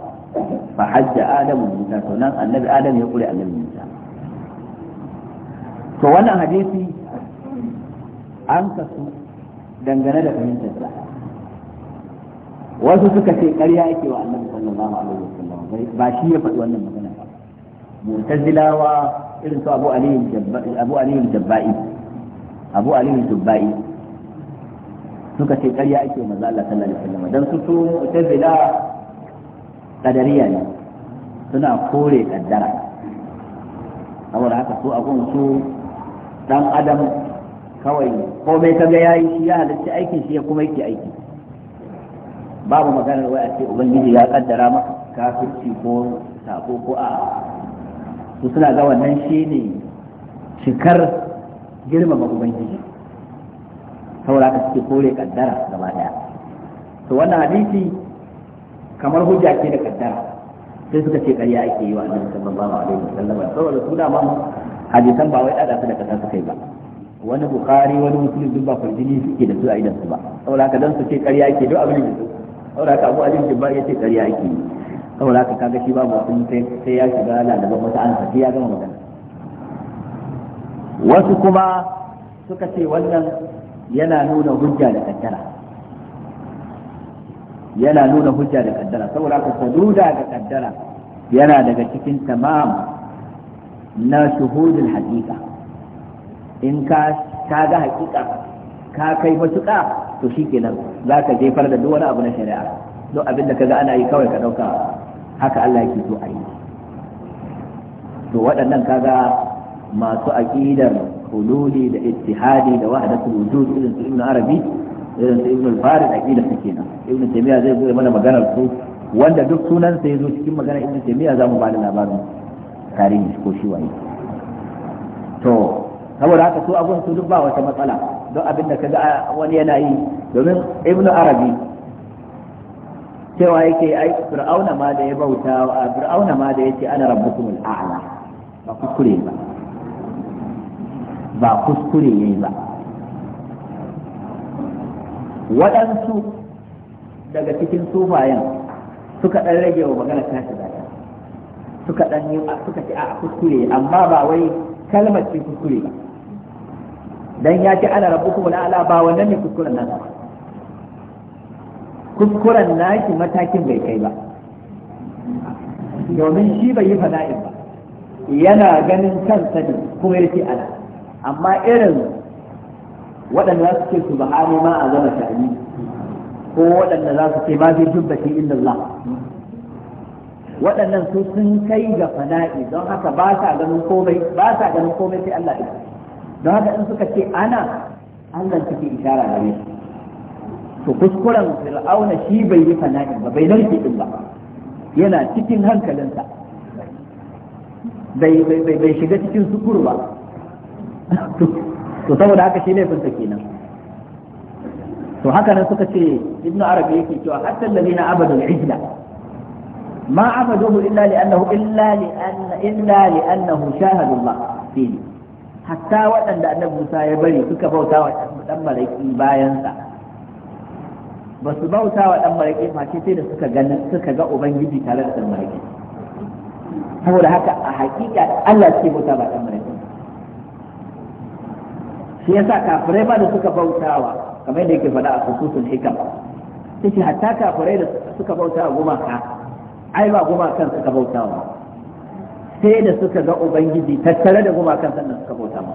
adamu musa annabi Adamu ya kure annabi musa to wannan hadisi an kasu dangane da fahimtar sa wasu suka ce ƙarya ake wa annabi sallallahu alaihi wasallam ba shi ya faɗi wannan magana ba mu'tazilawa irin su abu aliyu jabba'i abu aliyu jabba'i abu aliyu jabba'i suka ce ƙarya ake wa manzo Allah sallallahu alaihi wasallam dan su su mu'tazila qadariya ne suna kore kaddara saboda haka su a gun su dan adam kawai komai kaga yayi shi ya halarci aikin shi ya kuma yake aiki babu maganar wai a ce ubangiji ya kaddara maka kafirci ko sako ko a su suna ga wannan shi ne cikar girmama ubangiji saboda ka suke kore kaddara gaba daya to wannan hadisi kamar hujja ce da kaddara sai suka ce ƙarya ake yi wa annabi sallallahu alaihi wasallam saboda su da hadisan ba wai ɗaga su da kasa suka yi ba wani bukari wani musulun duk ba farjini suke da su a idan su ba saboda haka dan su ce ƙarya yake duk abin da su saboda haka abu jin jibba ya ce ƙarya yake saboda haka kaga shi babu wasu sai ya shiga lalaban wasu ansa sai ya gama magana wasu kuma suka ce wannan yana nuna hujja da kaddara yana nuna hujja da kaddara saboda haka saduda da kaddara yana daga cikin tamam na shuhudin haƙiƙa in ka ka ga haƙiƙa ka kai matuƙa to kenan za ka jefar da duk wani abu na shari'a duk abin da ka ga ana yi kawai ka ɗauka haka Allah yake so a yi to waɗannan kaga masu aƙidar hululi da ittihadi da wahdatul wujud irin su ibnu arabi irin su ibnu farid aqida su kenan ibnu taymiya zai zo mana maganar su wanda duk sunan sa zo cikin maganar ibnu taymiya mu ba da labarin tarihi ko shi waye to saboda haka su abun su duk ba wata matsala don abin da kaga wani yana yi domin ibnu arabi cewa yake ai fir'auna ma da ya bauta fir'auna ma da yace ana rabbukumul a'la ba kuskure ba ba kuskure yayi ba waɗansu daga cikin sufayen suka ɗan rage wa magana tashi da suka dan yi suka ce a kuskure amma ba wai kalmar ce kuskure ba dan ya ce ana rabbukum ala ba wannan ne kuskuren nan kuskuren naki matakin bai kai ba domin shi bai yi fana'in ba yana ganin kansa ne kuma ya ce ana amma irin waɗanda za su ce su ba ma a zama sha'ani ko waɗanda za su ce ma fi jubbati illa Allah waɗannan su sun kai ga fana'i don haka ba sa ganin komai ba sa ganin komai sai Allah ɗin don haka in suka ce ana Allah take isharar gare shi to kuskuren fir'auna shi bai yi fana'i ba bai narke din ba yana cikin hankalinsa bai bai shiga cikin sukuru ba to saboda haka shi laifinsa kenan to haka nan suka ce ibnu arabi yake cewa hatta alladhina abadul ijla ما عبدوه إلا لأنه إلا لأن إلا لأنه شاهد الله فيه حتى وأن النبي موسى يبري سك بوتا وأن ملكي باينسا بس بوتا وأن ملكي ما كتير سك جن سك جاء وبنجي ثلاثة ملكي هو لهك حقيقة الله سك بوتا وأن ملكي shi yasa kafirai ba da suka bautawa kamar yadda yake faɗa a kususun hikam sai hatta kafirai da suka bautawa gumaka ai ba gumakan suka bauta ba sai da suka ga ubangiji tattare da gumakan sannan suka bauta ma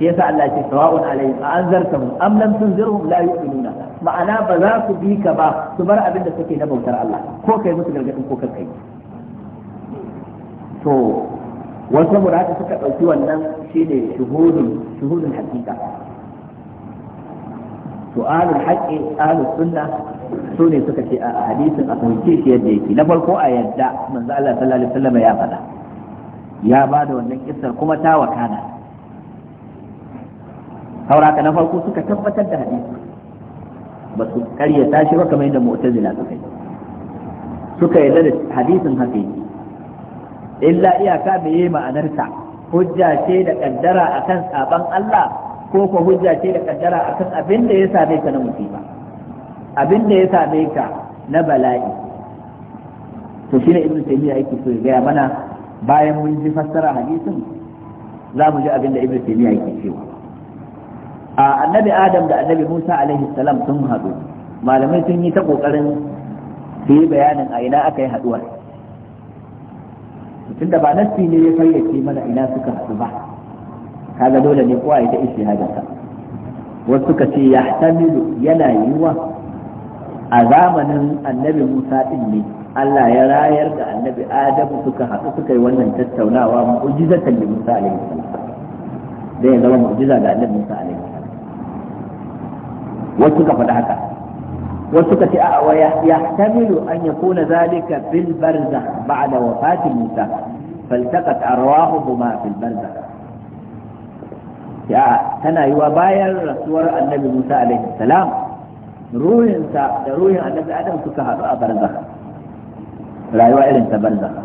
shi yasa Allah ya ce sawa'un alaihim a anzartahum am lam tunzirhum la yu'minuna ma'ana ba za su bi ka ba su bar abin da suke na bautar Allah ko kai musu gargadin ko kai to wasu murata suka ɗauki wannan shine shuhudun shuhudun hakika to ahlul haqqi ahlus sunna su ne suka ce a hadisin a fahimce shi yadda yake na farko a yadda manzo Allah sallallahu alaihi wasallam ya faɗa ya ba da wannan kissar kuma ta wakana hauraka na farko suka tabbatar da hadisi ba su karyata shi ba kamar yadda mu'tazila suka yi suka yarda da hadisin haka illa iyaka bai yi ma'anarsa hujja ce da kaddara akan saban Allah ko ko hujja ce da kaddara kan abin da ya same ka na musiba abin da ya same ka na bala'i to shine ibnu taymiya yake so ya gaya mana bayan mun ji fassara hadisin za mu ji abin da ibnu taymiya yake cewa a annabi adam da annabi musa alaihi salam sun haɗu malamai sun yi ta kokarin su yi bayanin a ina aka yi haɗuwar tunda ba nassi ne ya fayyace mana ina suka haɗu ba kaga dole ne kowa ya ta ishtihadinsa wasu suka ce ya tamilu yana yiwa a zamanin annabi musa din ne Allah ya rayar da annabi adamu suka haɗu suka yi wannan tattaunawa mu'jizatan li musa alaihi salam dai ya zama mu'jiza ga annabi musa alaihi salam wasu suka faɗi haka wasu suka ce a'a wa yahtamilu an yakuna zalika fil barzakh ba'da wafati musa فالتقت أرواحهما في البرزخ ya tana yiwa bayan rasuwar annabi Musa alaihi salam ruhinsa da ruhin annabi Adam suka haɗu a barzakh rayuwa irin ta barzakh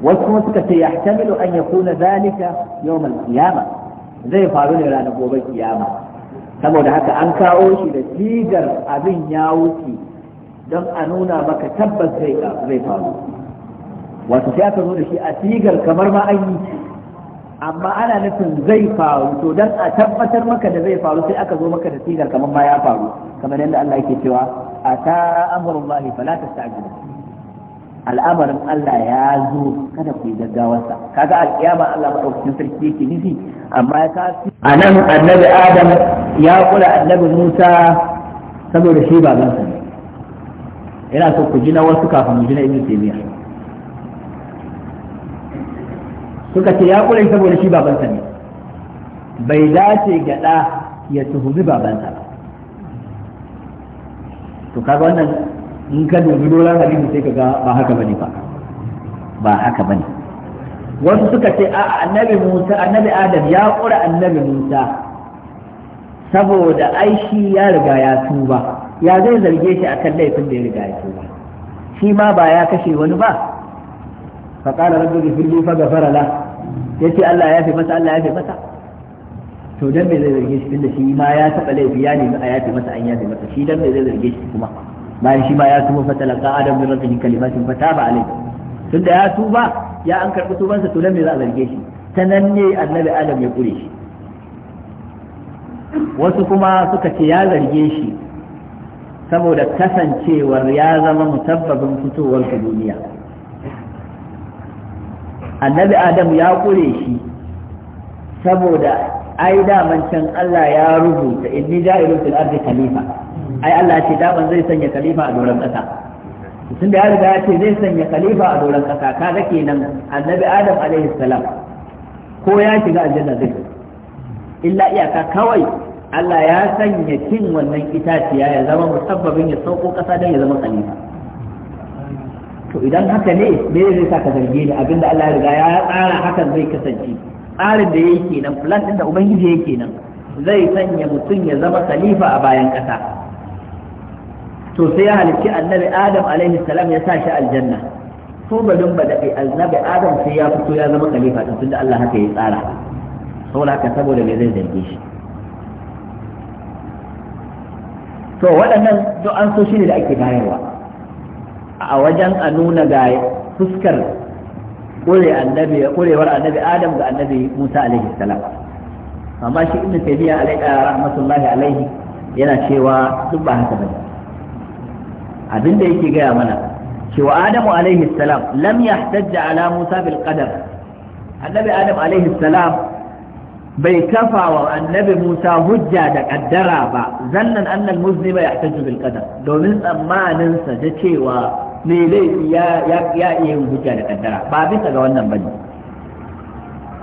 wasu kuma suka ce ya tamilu an ya kuna zalika yawmal qiyama zai faru ne ranar gobe kiyama saboda haka an kawo shi da sigar abin ya wuce don a nuna maka tabbas zai faru Wasu sai aka zo da shi a sigar kamar ma an yi amma ana nufin zai faru to dan a tabbatar maka da zai faru sai aka zo maka da sigar kamar ma ya faru kamar yadda Allah yake cewa ata amrullah fala tastajilu al'amarin Allah ya zo kada ku gaggawa sa kaga alƙiyama Allah madaukakin sarki yake nufi amma ya kafi anan annabi Adam ya kula annabi Musa saboda shi babansa ne ina so ku ji na wasu kafin mu ji na Ibn suka ce ya ƙure saboda shi babansa ne bai dace gaɗa ya tuhumi babansa ba to kaga wannan in ka dubi doron halittu sai kaga ba haka bane ba ba haka bane wasu suka ce a annabi Musa annabi Adam ya ƙura annabi Musa saboda aishi ya riga ya tuba ya zai zarge shi akan laifin da ya riga ya tuba shi ma ba ya kashe wani ba فقال رب اغفر لي فغفر له ya ce Allah ya fi masa Allah ya fi masa to dan me zai zarge shi tunda shi ma ya taba laifi ya nemi a yafi masa an yafi masa shi dan me zai zarge shi kuma bayan shi ma ya tuba fatalaka adam min rabbihi kalimatin fataba alayhi tunda ya tuba ya an karbi tubansa to dan me za a zarge shi Ta nan ne annabi adam ya kure shi wasu kuma suka ce ya zarge shi saboda kasancewar ya zama musabbabin fitowar duniya annabi adam ya kure shi saboda ai daman can Allah ya rubuta inni ja'ilun fil ardi khalifa ai Allah ce daman zai sanya khalifa a doron kasa tun da ya riga ya ce zai sanya khalifa a doron kasa kaga kenan annabi adam alaihi salam ko ya shiga aljanna zai illa iyaka kawai Allah ya sanya cin wannan itaciya ya zama musabbabin ya sauko kasa don ya zama khalifa to idan haka ne me zai sa ka zarge ni abinda Allah ya riga ya tsara hakan zai kasance tsarin da yake kenan plan din da ubangiji yake nan, zai sanya mutum ya zama khalifa a bayan kasa to sai ya halicci annabi adam alaihi salam ya sa shi aljanna ko badin ba daɗe annabi adam sai ya fito ya zama khalifa tun tunda Allah haka ya tsara saboda haka saboda me zai zarge shi to waɗannan duk an so shi ne da ake bayarwa a wajen a nuna ga fuskar ƙurewar annabi adam ga annabi musa alaihi salam amma shi ibn taymiya alaihi eh, rahmatullahi alaihi yana cewa duk ba haka bane abinda yake gaya mana cewa adamu alaihi salam lam yahtajja ala musa bil qadar annabi adam alaihi salam bai kafa wa annabi Musa hujja da kaddara ba zannan annal muslima yahtaju bil qadar domin tsammanin sa da cewa ne laifi ya iya yin hujja da kaddara ba bisa ga wannan bane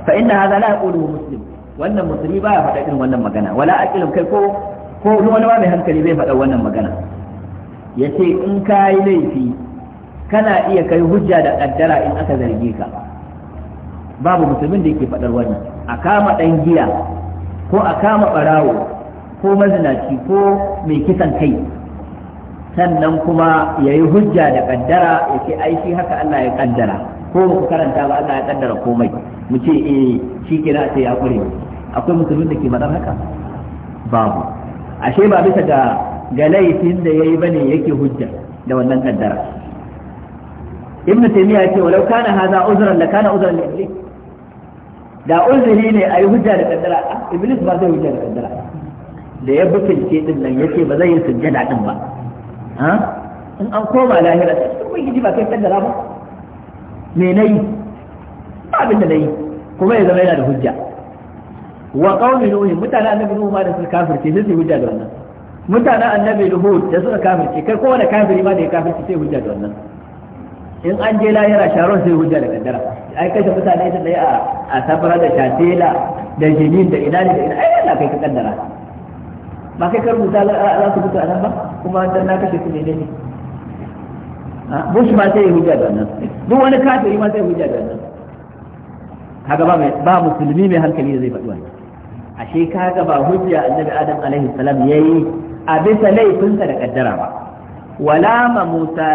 fa inna hadha la yaqulu muslim wannan musulmi baya faɗa irin wannan magana wala aqilun kai ko ko wani ba mai hankali bai faɗa wannan magana yace in ka yi laifi kana iya kai hujja da kaddara in aka zarge ka babu musulmin da yake faɗar wannan a kama ɗan giya ko a kama ɓarawo ko mazinaci ko mai kisan kai sannan kuma ya yi hujja da kaddara ya ce ai shi haka Allah ya kaddara ko ba ku karanta ba Allah ya kaddara komai mu ce eh shi kira ce ya kure akwai musulmin da ke madar haka babu ashe ba bisa ga ga laifin da yayi bane yake hujja da wannan kaddara ibnu taymiya ya ce walau kana hadha uzran la kana uzran li iblis da uzuri ne ayi hujja da kaddara ah, iblis ba zai hujja da kaddara da ya bukince din nan yace ba zai yi sujjada din ba ha in an koma lahira sai cikin ubangiji ba kai kaddara ba me nayi ba abin da nayi kuma ya zama yana da hujja wa qaumi nuhi mutanen annabi nuhu ma da suka kafirce sai su hujja da wannan mutanen annabi nuhu da suka kafirce kai kowane kafiri ma da ya kafirce sai hujja da wannan in an je lahira sharon sai hujja da kaddara ai kashe mutane da dai a a safara da shatela da jinin da ina ne da ina ai Allah kai ka kaddara ba kai kar rubuta za su fito a nan ba kuma dan na kashe su ne ne ha bush ma sai hujja da nan duk wani kafiri ma sai hujja da nan kaga ba ba musulmi mai hankali zai faɗi wannan ashe kaga ba hujja annabi adam alaihi salam yayi a bisa laifinsa da kaddara ba wala ma musa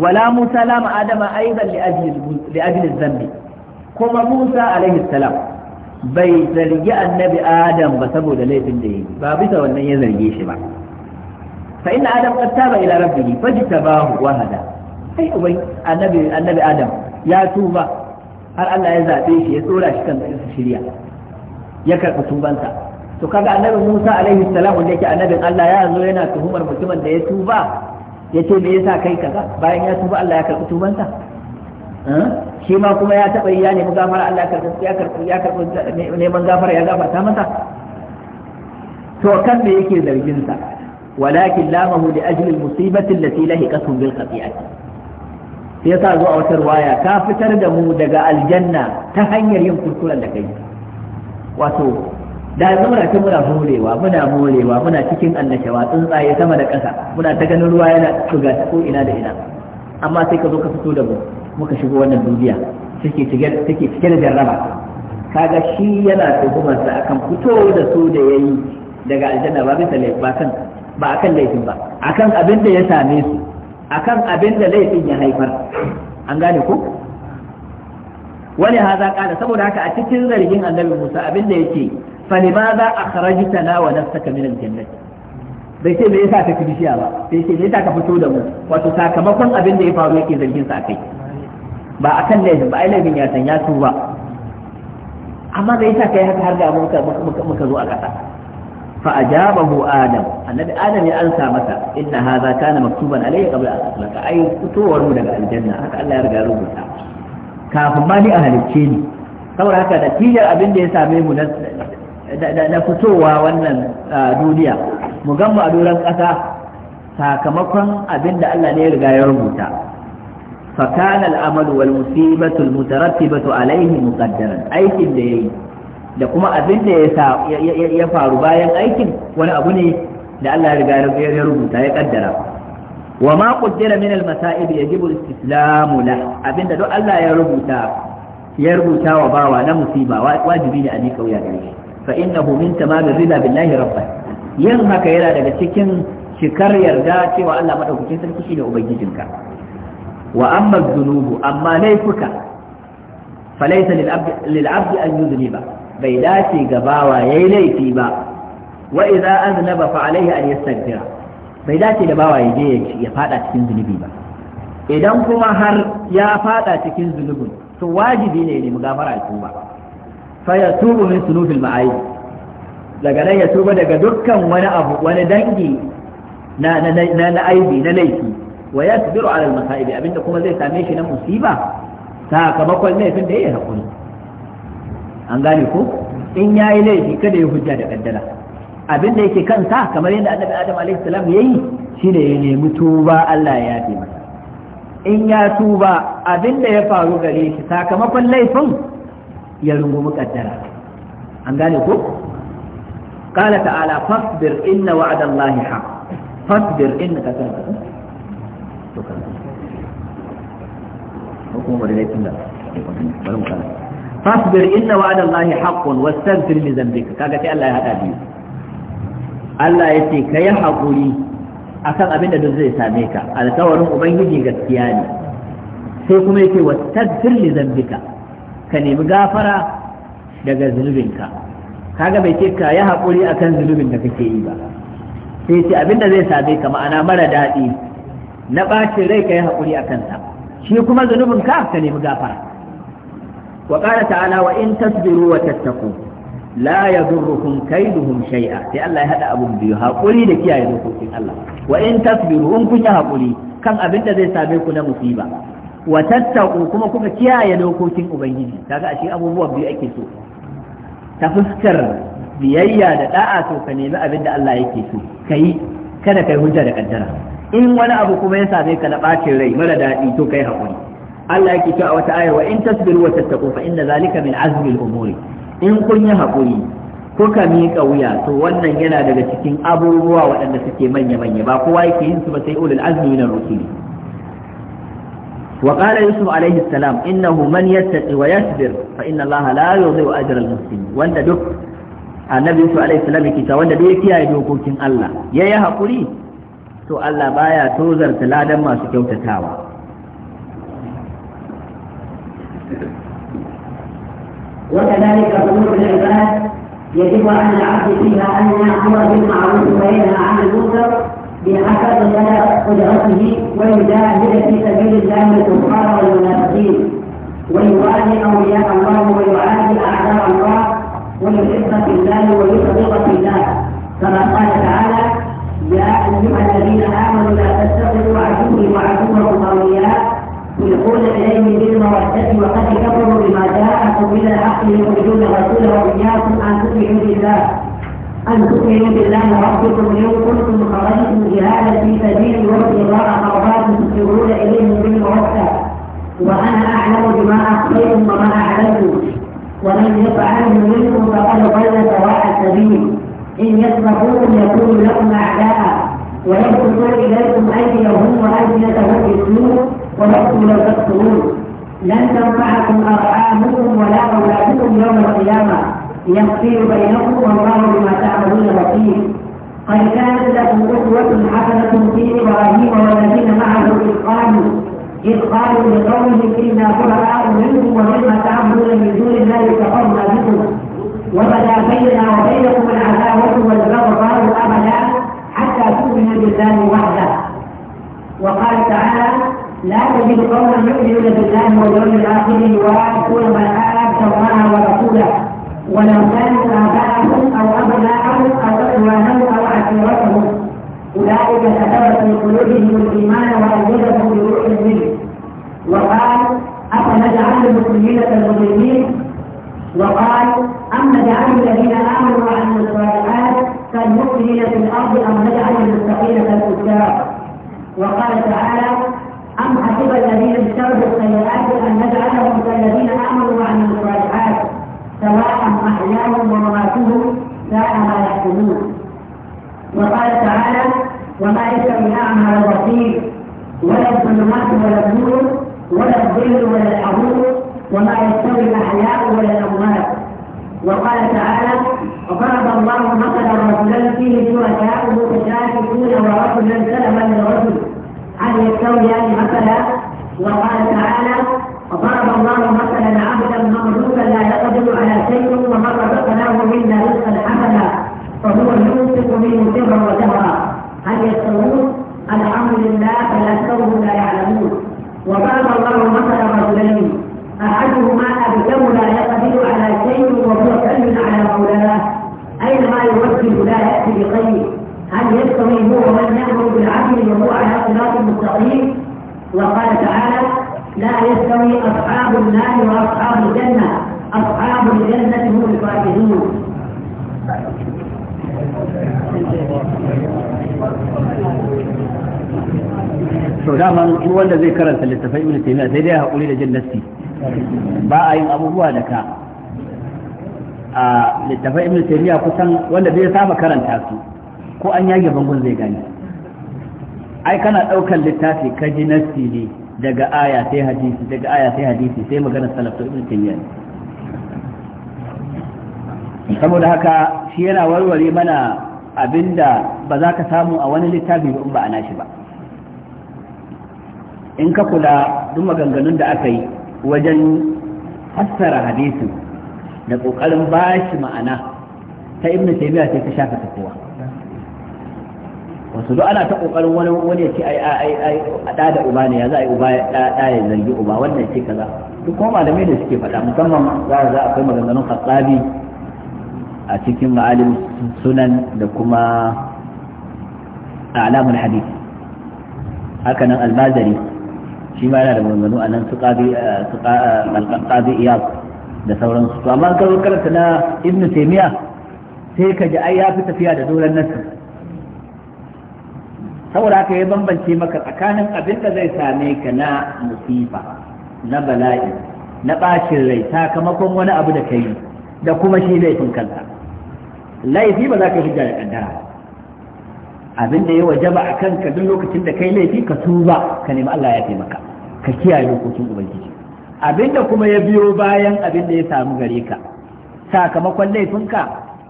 wala musa lama adama aidan li ajli li ajli kuma musa alaihi salam bai zargi annabi adam ba saboda laifin da yi ba bisa wannan ya zarge shi ba fa inna adam qad taba ila rabbih fajtabahu wa hada ai ubai annabi annabi adam ya tuba har Allah ya zabe shi ya tsora shi kan tsayin shirya ya karɓi tubansa to kaga annabi Musa alaihi salam wanda yake annabin Allah ya zo yana tuhumar mutumin da ya tuba yace me yasa kai kaza bayan ya tuba Allah ya karɓi tubansa Eh? shi ma kuma ya taɓa ya nemi gafara Allah ya karɓi ya karɓi neman gafara ya gafarta masa to kan me yake zargin sa walakin lamahu li ajli musibati allati lahiqatu bil qati'ati sai yasa zuwa wata riwaya ka fitar da mu daga aljanna ta hanyar yin kurkuren da kai wato da yanzu muna ta muna morewa muna morewa muna cikin annashawa tsuntsaye sama da ƙasa muna ta ganin ruwa yana tuga ko ina da ina amma sai ka zo ka fito da mu muka shigo wannan duniya take cike da jarraba kaga shi yana tuhumar sa akan fito da su da yayi daga aljanna ba bisa ba kan ba akan laifin ba akan abin da ya same su akan abin da laifin ya haifar an gane ko wani haza kana saboda haka a cikin zargin annabi Musa abin da yake fa limaza akhrajtana wa nafsaka min al bai ce me yasa ka fi ba sai ce me yasa ka fito da mu wato sakamakon abin da ya faru yake zargin sa kai ba akan laifin ba ai laifin ya san ya tuba amma da yasa kai haka har da muka muka zo a ƙasa fa ajabahu adam annabi adam ya ansa masa inna hadha kana maktuban alayhi qabl an aslaka ai fitowar mu daga aljanna haka Allah ya riga rubuta kafin ma ni a halicce ni saboda haka da tijar abin da ya same mu na fitowa wannan duniya mu gan a doron ƙasa sakamakon abin da Allah ne ya riga ya rubuta فكان الأمل والمصيبة المترتبة عليه مقدرا أيكم ليه da kuma abin da ya faru bayan aikin wani abu ne da Allah riga ya rubuta ya kaddara wa ma qaddara min al masa'ib yajibu al istislamu la abinda duk Allah ya rubuta ya rubuta wa bawa na musiba wajibi ne a bi kauya gare shi fa innahu min tamamir rida billahi rabban yin haka yana daga cikin cikar yarda cewa Allah madaukakin sarki shine ubangijinka wa zunubu amma laifuka falaita lil abdi an yuzniba bai dace ga bawa yayi laifi ba wa idza aznaba fa alaihi an yastaghfira bai dace da bawa yaje ya fada ba idan kuma har ya faɗa cikin zunubin to wajibi ne ne mugafara tuba fa min daga nan ya daga dukkan wani dangi na na na aibi na laifi wa yasbiru ala al-masa'ib abinda kuma zai same shi na musiba sakamakon laifin da ya hakuri an gane ko in yayi laifi kada ya hujja da kaddara abinda yake kansa kamar yadda annabi adam alaihi salam yayi shine ya nemi tuba Allah ya yafe masa in ya tuba abinda ya faru gare shi sakamakon laifin ya rungumi kaddara an gane ko قال تعالى فاصبر إن وعد الله حق فاصبر إنك سنة to kana ko kuma da laifin da bari mu kana fasbir inna wa'ada Allahi haqqun wastaghfir li dhanbika kaga sai Allah ya hada biyu Allah yace kai hakuri akan abin da duk zai same ka alkawarin ubangiji gaskiya ne sai kuma yace wastaghfir li dhanbika ka nemi gafara daga zunubinka kaga bai ce ka yi haƙuri akan zunubin da kake yi ba sai ce abin da zai same ka ma'ana mara daɗi na bacin rai ka yi haƙuri a kansa shi kuma zunubin ka ka nemi gafara wa qala ta'ala wa in tasbiru wa tattaku la yadurrukum kaiduhum shay'a sai Allah ya hada abun biyu haƙuri da kiyaye dokokin Allah wa in tasbiru in kun yi haƙuri kan abin da zai same ku na musiba wa tattaku kuma kuka kiyaye dokokin ubangiji kaga shi abubuwan biyu ake so ta fuskar biyayya da da'a to ka nemi abin da Allah yake so kai kada kai hujja da kaddara in wani abu kuma ya same ka na bacin rai mara daɗi to kai hakuri Allah yake cewa wata ayar wa in tasbiru wa tattaqu fa inna zalika min azmi al-umuri in kun yi hakuri kuka miƙa wuya to wannan yana daga cikin abubuwa waɗanda suke manya-manya ba kowa yake yin su ba sai ulul azmi na rusuli wa qala yusuf alayhi salam innahu man yattaqi wa yasbir fa inna Allah la yudhi'u ajra al-muslimin wanda duk annabi yusuf alaihi salam yake cewa wanda duk ya kiyaye dokokin Allah yayi hakuri to Allah baya tozarta ladan masu kyautatawa وكذلك قلوب العباد يجب على العبد فيها ان يامر بالمعروف وينهى عن المنكر بحسب قدرته ويجاهد في سبيل الله الكفار والمنافقين ويوالي اولياء الله ويعادي اعداء الله ويحب في الله ويصدق في الله كما قال تعالى يا أيها الذين آمنوا لا تتخذوا عدوي وعدوكم أولياء تلقون إليهم بالمودة وقد كفروا بما جاءكم من الحق يخرجون الرسول وإياكم أن تؤمنوا بالله أن تؤمنوا بالله ربكم إن كنتم خرجتم جهادا في سبيلي وابتغاء مرضاتي تسرون إليهم بالمودة وأنا أعلم بما أخفيتم وما أعلمتم ومن يفعله منكم فقد ضل سواء السبيل إن يسمحوكم يكون لكم أعداء ويبسطوا إليكم أيديهم وألسنتهم بالسوء ولكم لو تكفرون لن تنفعكم أرحامكم ولا أولادكم يوم القيامة يغفر بينكم والله بما تعملون بصير قد كانت لكم أسوة حسنة في إبراهيم والذين معه إذ قالوا إذ قالوا لقومهم إنا براء منكم ومما تعبدون من دون الله كفرنا بكم وبدا بيننا وبينكم العداوة والبغضاء أبدا حتى تؤمنوا بالله وحده وقال تعالى لا تجد قوما يؤمنون بالله واليوم الآخر يوافقون من آتى الله ورسوله ولو كانوا آباءهم أو أبناءهم أو إخوانهم أو عشيرتهم أولئك كتب في قلوبهم الإيمان وأيدهم بروح منه وقال أفنجعل المسلمين كالمجرمين وقال أما جعل الذين آمنوا وعملوا الصالحات كالمسلمين في الأرض أم نجعل المستقيم كالكفار وقال تعالى أم حسب الذين اجتربوا السيئات أن نجعلهم كالذين آمنوا وعملوا الصالحات سواء أحياهم ومماتهم ساء ما يحكمون وقال تعالى وما ليس من أعمى ولا الظلمات ولا النور ولا الظل ولا الحبور وما يستوي الأحياء ولا الأموات وقال تعالى وضرب الله مثلا رجلا فيه شركاء متشاكسون ورجلا سلما لرجل هل يستويان مثلا وقال تعالى وضرب الله مثلا عبدا مملوكا لا يقدر على شيء وما رزقناه منا رزقا حسنا فهو ينفق منه سرا وجهرا هل يستوون الحمد لله فلا اكثرهم لا يعلمون وضرب الله مثلا رجلين أحدهما أبكم لا يقدر على شيء وهو كل على مولاه أينما يوجه لا يأتي بخير هل يستوي هو من يأمر بالعدل وهو على صراط مستقيم وقال تعالى لا يستوي أصحاب النار وأصحاب الجنة أصحاب الجنة هم الفائزون to daman duk wanda zai karanta littafai ibn taymiya sai dai hakuri ba a yin abubuwa da ka a littafai ibn taymiya kusan wanda zai saba karanta su ko an yage bangon zai gani ai kana ɗaukar littafi ka ji nassi ne daga aya sai hadisi daga aya sai hadisi sai magana salaf to ibn taymiya saboda haka shi yana warware mana abinda ba za ka samu a wani littafi ba in ba a nashi ba in ka kula duk maganganun da aka yi wajen fassara hadisin da ƙoƙarin ba shi ma'ana ta ibnu taymiya sai ta shafa kowa wasu duk ana ta ƙoƙarin wani wani ya ce ai ai ai a da da uba ne ya za a yi uba ya ya zargi uba wannan ce kaza duk kuma malamai da suke faɗa musamman za a za akwai maganganun khattabi a cikin ma'alim sunan da kuma a alamun hadisi nan al shi ma yana da maganganu a nan su eh, eh, iyaku da sauransu to amma karo karanta na ibnu taymiya sai ka ji ai ya fi tafiya da doron nasu saboda haka ya bambance maka tsakanin abin da zai same ka na musifa na bala'i na ɓacin rai sakamakon wani abu da ka yi da kuma shi laifin kanta. laifi ba za ka yi hujja da kaddara abin da ya wajaba a kanka duk lokacin da kai laifi ka tuba ka nemi Allah ya taimaka ka kiyaye dokokin ubangiji abin da kuma ya biyo bayan abin da ya samu gare ka sakamakon laifinka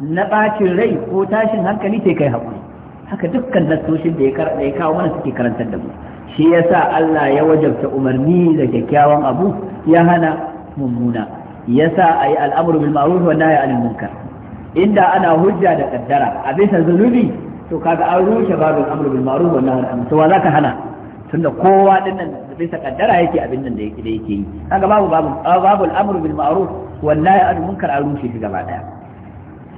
na bacin rai ko tashin hankali sai kai haƙuri haka dukkan nassoshin da ya kawo mana suke karantar da mu shi yasa Allah ya wajabta umarni da kyakkyawan abu ya hana mummuna Ya a ayi al'amur bil ma'ruf wa nahyi anil munkar inda ana hujja da kaddara a bisa zunubi to kaga an rushe babin amr bil ma'ruf wa nahy anil zaka hana tunda kowa din nan bisa kaddara yake abin nan da yake da yake yi kaga babu babu ah, babu al-amr bil ma'ruf wa nahy anil munkar an rushe shi gaba daya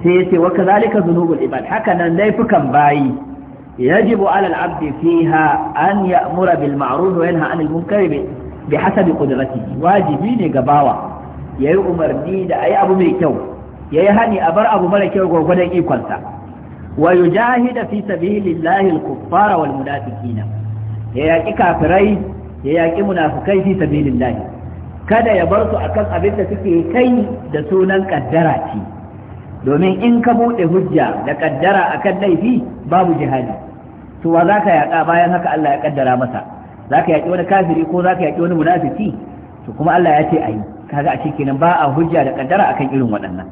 sai yace wa kadhalika dhunubul ibad haka nan laifukan bayi يجب على العبد فيها أن يأمر بالمعروف وينهى عن المنكر بحسب قدرته واجبين قباوة يأمر ديد أي أبو ميكو يهني أبر أبو ملكو وغدا إيقلتا ويجاهد في fi الله الكفار والمنافقين يا يقي ya يا kafirai ya yaki سبيل fi kada ya bar su akan abin da suke kai da sunan kaddara ce domin in ka buɗe hujja da kaddara akan laifi babu jihadi to wa zaka yaƙa bayan haka Allah ya kaddara masa zaka yaƙi wani kafiri ko zaka yaki wani munafiki to kuma Allah ya ce ayi kaga a cikin ba a hujja da kaddara akan irin waɗannan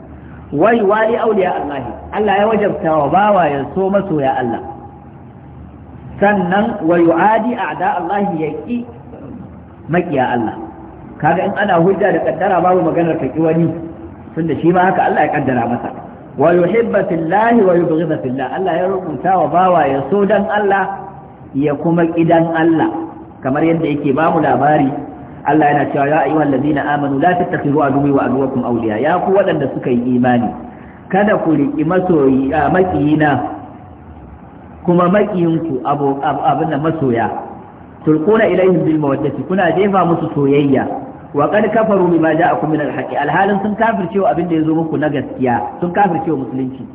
wai wali auliya Allah Allah ya wajabta wa bawa ya so masoya Allah sannan wa yu'adi a'da Allah ya ki makiya Allah kaga in ana hujja da kaddara babu maganar ka ki wani tunda shi ma haka Allah ya kaddara masa wa yuhibba fillah wa yubghidha fillah Allah ya rubuta wa bawa ya so dan Allah ya kuma kidan Allah kamar yadda yake bamu labari Allah yana cewa ya ayyuhal ladina amanu la tattakhidhu aduwwi wa aduwwakum awliya ya ku waɗanda suka yi imani kada ku riki masoyi a makiyina abu abin da masoya tulquna ilaihim bil mawaddati kuna jefa musu soyayya wa qad kafaru bima ja'akum min al-haqqi alhalin sun kafirce abin da yazo muku na gaskiya sun kafirce musulunci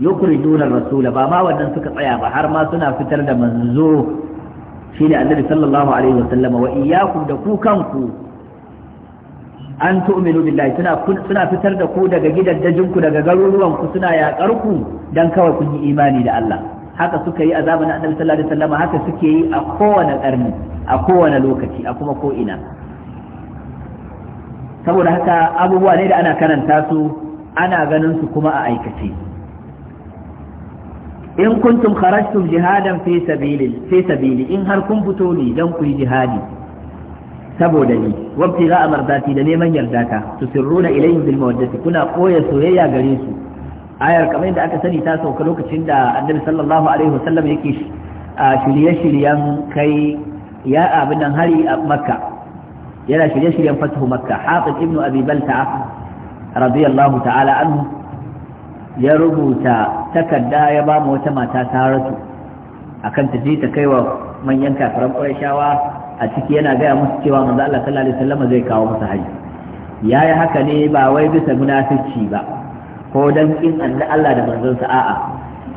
yukhrijuna ar-rasula ba ma wannan suka tsaya ba har ma suna fitar da manzo shine annabi sallallahu alaihi wa sallama wa da ku kanku an tu'minu billahi suna suna fitar da ku daga gidaddajin ku daga garuruwan ku suna yakar ku dan kawai kun yi imani da Allah haka suka yi azaban annabi sallallahu alaihi wasallam haka suke yi a kowane karni a kowane lokaci a kuma ko ina saboda haka abubuwa ne da ana karanta su ana ganin su kuma a aikace in kuntum kharajtum jihadan fi sabili fi sabili in har kun fito ni dan ku yi jihadi saboda ni wabti za a mardati da neman yarda ta tusirruna ilayhim bil mawaddati kuna koya soyayya gare su ayar kamar yadda aka sani ta sauka lokacin da annabi sallallahu alaihi wasallam yake shirye-shiryen kai ya abin nan hari a makka yana shirye-shiryen fatahu makka hafiz ibnu abi balta'a radiyallahu ta'ala anhu ya rubuta takarda ya ba mu wata mata saratu akan ta je ta kaiwa manyan kafiran ƙwarshawa a ciki yana gaya musu cewa manzo Allah sallallahu alaihi wasallam zai kawo musu haji yayi haka ne ba wai bisa munafici ba ko dan kin Allah da sa a'a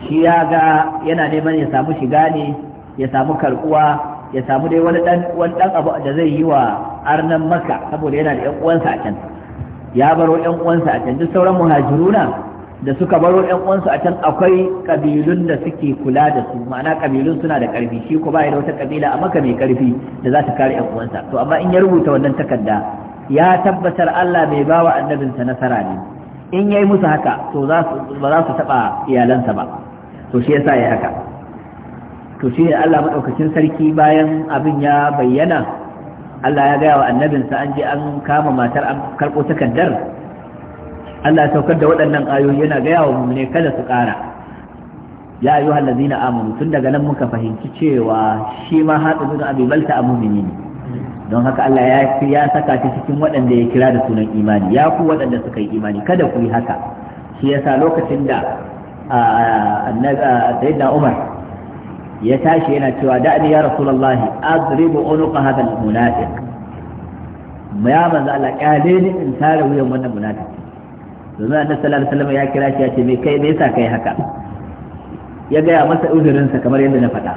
shi ya ga yana neman ya samu shiga ne ya samu karkuwa ya samu dai wani dan wani dan abu da zai yi wa arnan maka saboda yana da yan uwansa a can ya baro yan uwansa a can duk sauran muhajiruna da suka baro yan uwansu a can akwai kabilun da suke kula da su ma'ana kabilun suna da karfi shi ko bai da wata kabila a maka mai karfi da za ta kare yan uwansa to amma in ya rubuta wannan takarda ya tabbatar Allah bai bawa annabinsa nasara ne in yayi musu haka to ba za su taba iyalansa ba to shi yasa yayi haka to shi Allah maɗaukacin sarki bayan abin ya bayyana Allah ya gaya wa annabinsa an je an kama matar an karɓo takardar Allah ya saukar da waɗannan ayoyi yana gaya wa mummune kada su ƙara ya ayu hallazina amanu tun daga nan muka fahimci cewa shi ma hatsa zuwa abi balta abu ne don haka Allah ya ya saka shi cikin waɗanda ya kira da sunan imani ya ku waɗanda suka yi imani kada ku yi haka shi yasa lokacin da sayyidina Umar ya tashi yana cewa da'ani ya rasulullahi adribu unuqa hadha al-munafiq ya manzo Allah kyale ni in tare wuyan wannan munafiq domin annabi sallallahu alaihi wasallam ya kira shi ya ce me kai me yasa kai haka ya gaya masa uzurinsa kamar yadda na faɗa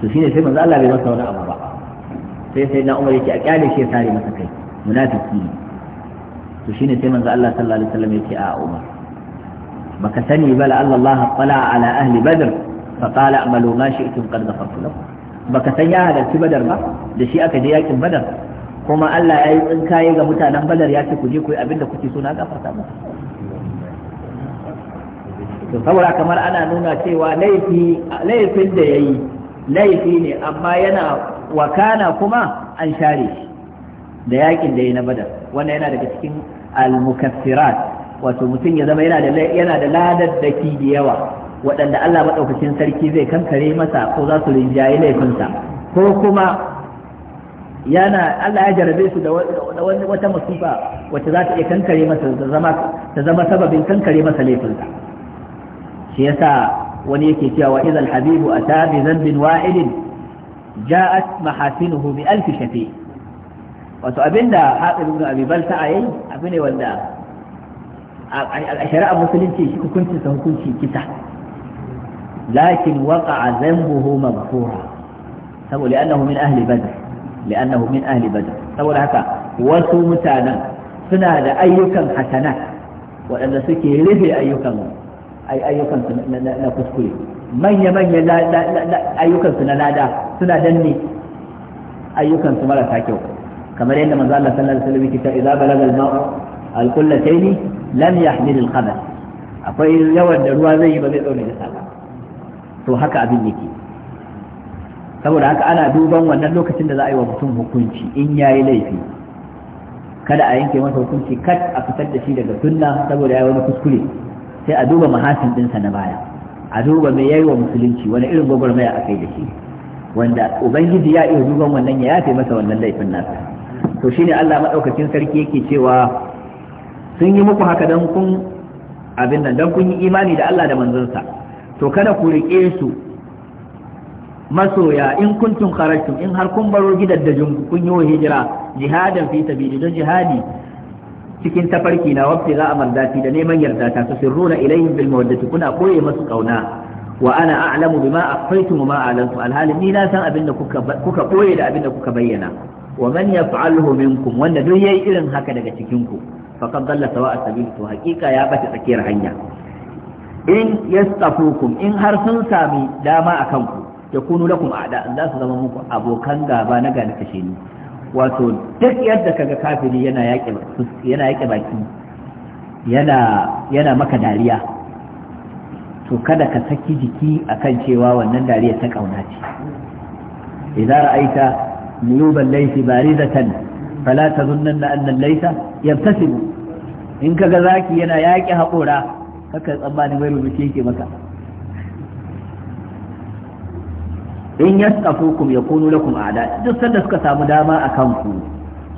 to shine sai manzo Allah bai masa wani abu ba sai sai na Umar yake a kyale shi ya sare masa kai munafiki ne to shine sai manzo Allah sallallahu alaihi wasallam yake a Umar baka sani bala Allah Allah tala ala ahli badr fa qala amalu ma shi'tum qad ghafartu lakum baka san ya halarci badar ba da shi aka je yakin badar kuma Allah ya yi tsinkaye ga mutanen badar ya ce ku je ku yi abin da kuke so na gafarta ba. to saboda kamar ana nuna cewa laifi laifin da yayi laifi ne amma yana wakana kuma an share shi da yakin da yayi na badar wannan yana daga cikin al-mukaffirat wato mutum ya zama yana da yana da ladar da ki da yawa waɗanda Allah madaukakin sarki zai kankare masa ko za su rinjaye laifinsa ko kuma yana Allah ya jarabe su da wata masifa wacce za ta iya kankare masa ta zama zama sababin kankare masa laifinsa shi yasa wani yake cewa wa idan habibu ata bi dhanbin wa'idin ja'at mahasinuhu bi alf shafi wato abinda hadir ibn abi balta ayi abu ne wanda a shari'a musulunci shi hukuncin sa hukunci kisa lakin waqa'a dhanbuhu maghfura saboda annahu min ahli badr li'annahu min ahli badr saboda haka wasu mutanen suna da ayyukan hasana waɗanda suke rufe ayyukan na kuskure manya manya ayyukan na lada suna danne ayyukan su marasa kyau kamar yadda manzo Allah sallallahu alaihi wasallam yake cewa idza balaga al-ma'u al-qullatayn lam yahmil akwai yawan da ruwa zai yi ba zai daure da sala to haka abin yake saboda haka ana duban wannan lokacin da za a yi wa mutum hukunci in ya yi laifi kada a yanke masa hukunci kat a fitar da shi daga sunna saboda ya yi wani kuskure sai a duba mahasin ɗinsa na baya a duba mai yayi wa musulunci wani irin gwagwarmaya a kai da shi wanda ubangiji ya iya duban wannan ya yafe masa wannan laifin nasa to shine Allah madaukakin sarki yake cewa sun yi muku haka dan kun abin nan dan kun yi imani da Allah da manzonsa to kada ku rike su masoya in kuntum kharajtum in har kun baro gidaddajin kun yi wa hijira jihadan fi sabili da jihadi cikin tafarki na wabti za a mardati da neman yarda ta su sirruna ilayhim bil mawaddati kuna koye masu kauna wa ana a'lamu bima akhfaytum ma a'lantu alhali ni na san abinda kuka kuka koye da abinda kuka bayyana wa man yaf'alhu minkum wanda duk yayi irin haka daga cikin ku faqad dalla sawa'a sabil to haqiqa ya bata tsakiyar hanya in yastafukum in har sun sami dama akan ku kunu lakum a'da za su zama muku abokan gaba na gani kashe ni wato duk yadda kaga kafiri yana yaƙe yana yaƙe baki yana yana maka dariya to kada ka saki jiki akan cewa wannan dariya ta kauna ce idza ra'aita nuban laysi barizatan fala tazunna anna laysa yabtasibu in kaga zaki yana yaƙe haƙora kaka tsammanin wai rubuce yake maka in yasafukum yakunu lakum a'da duk sanda suka samu dama akan ku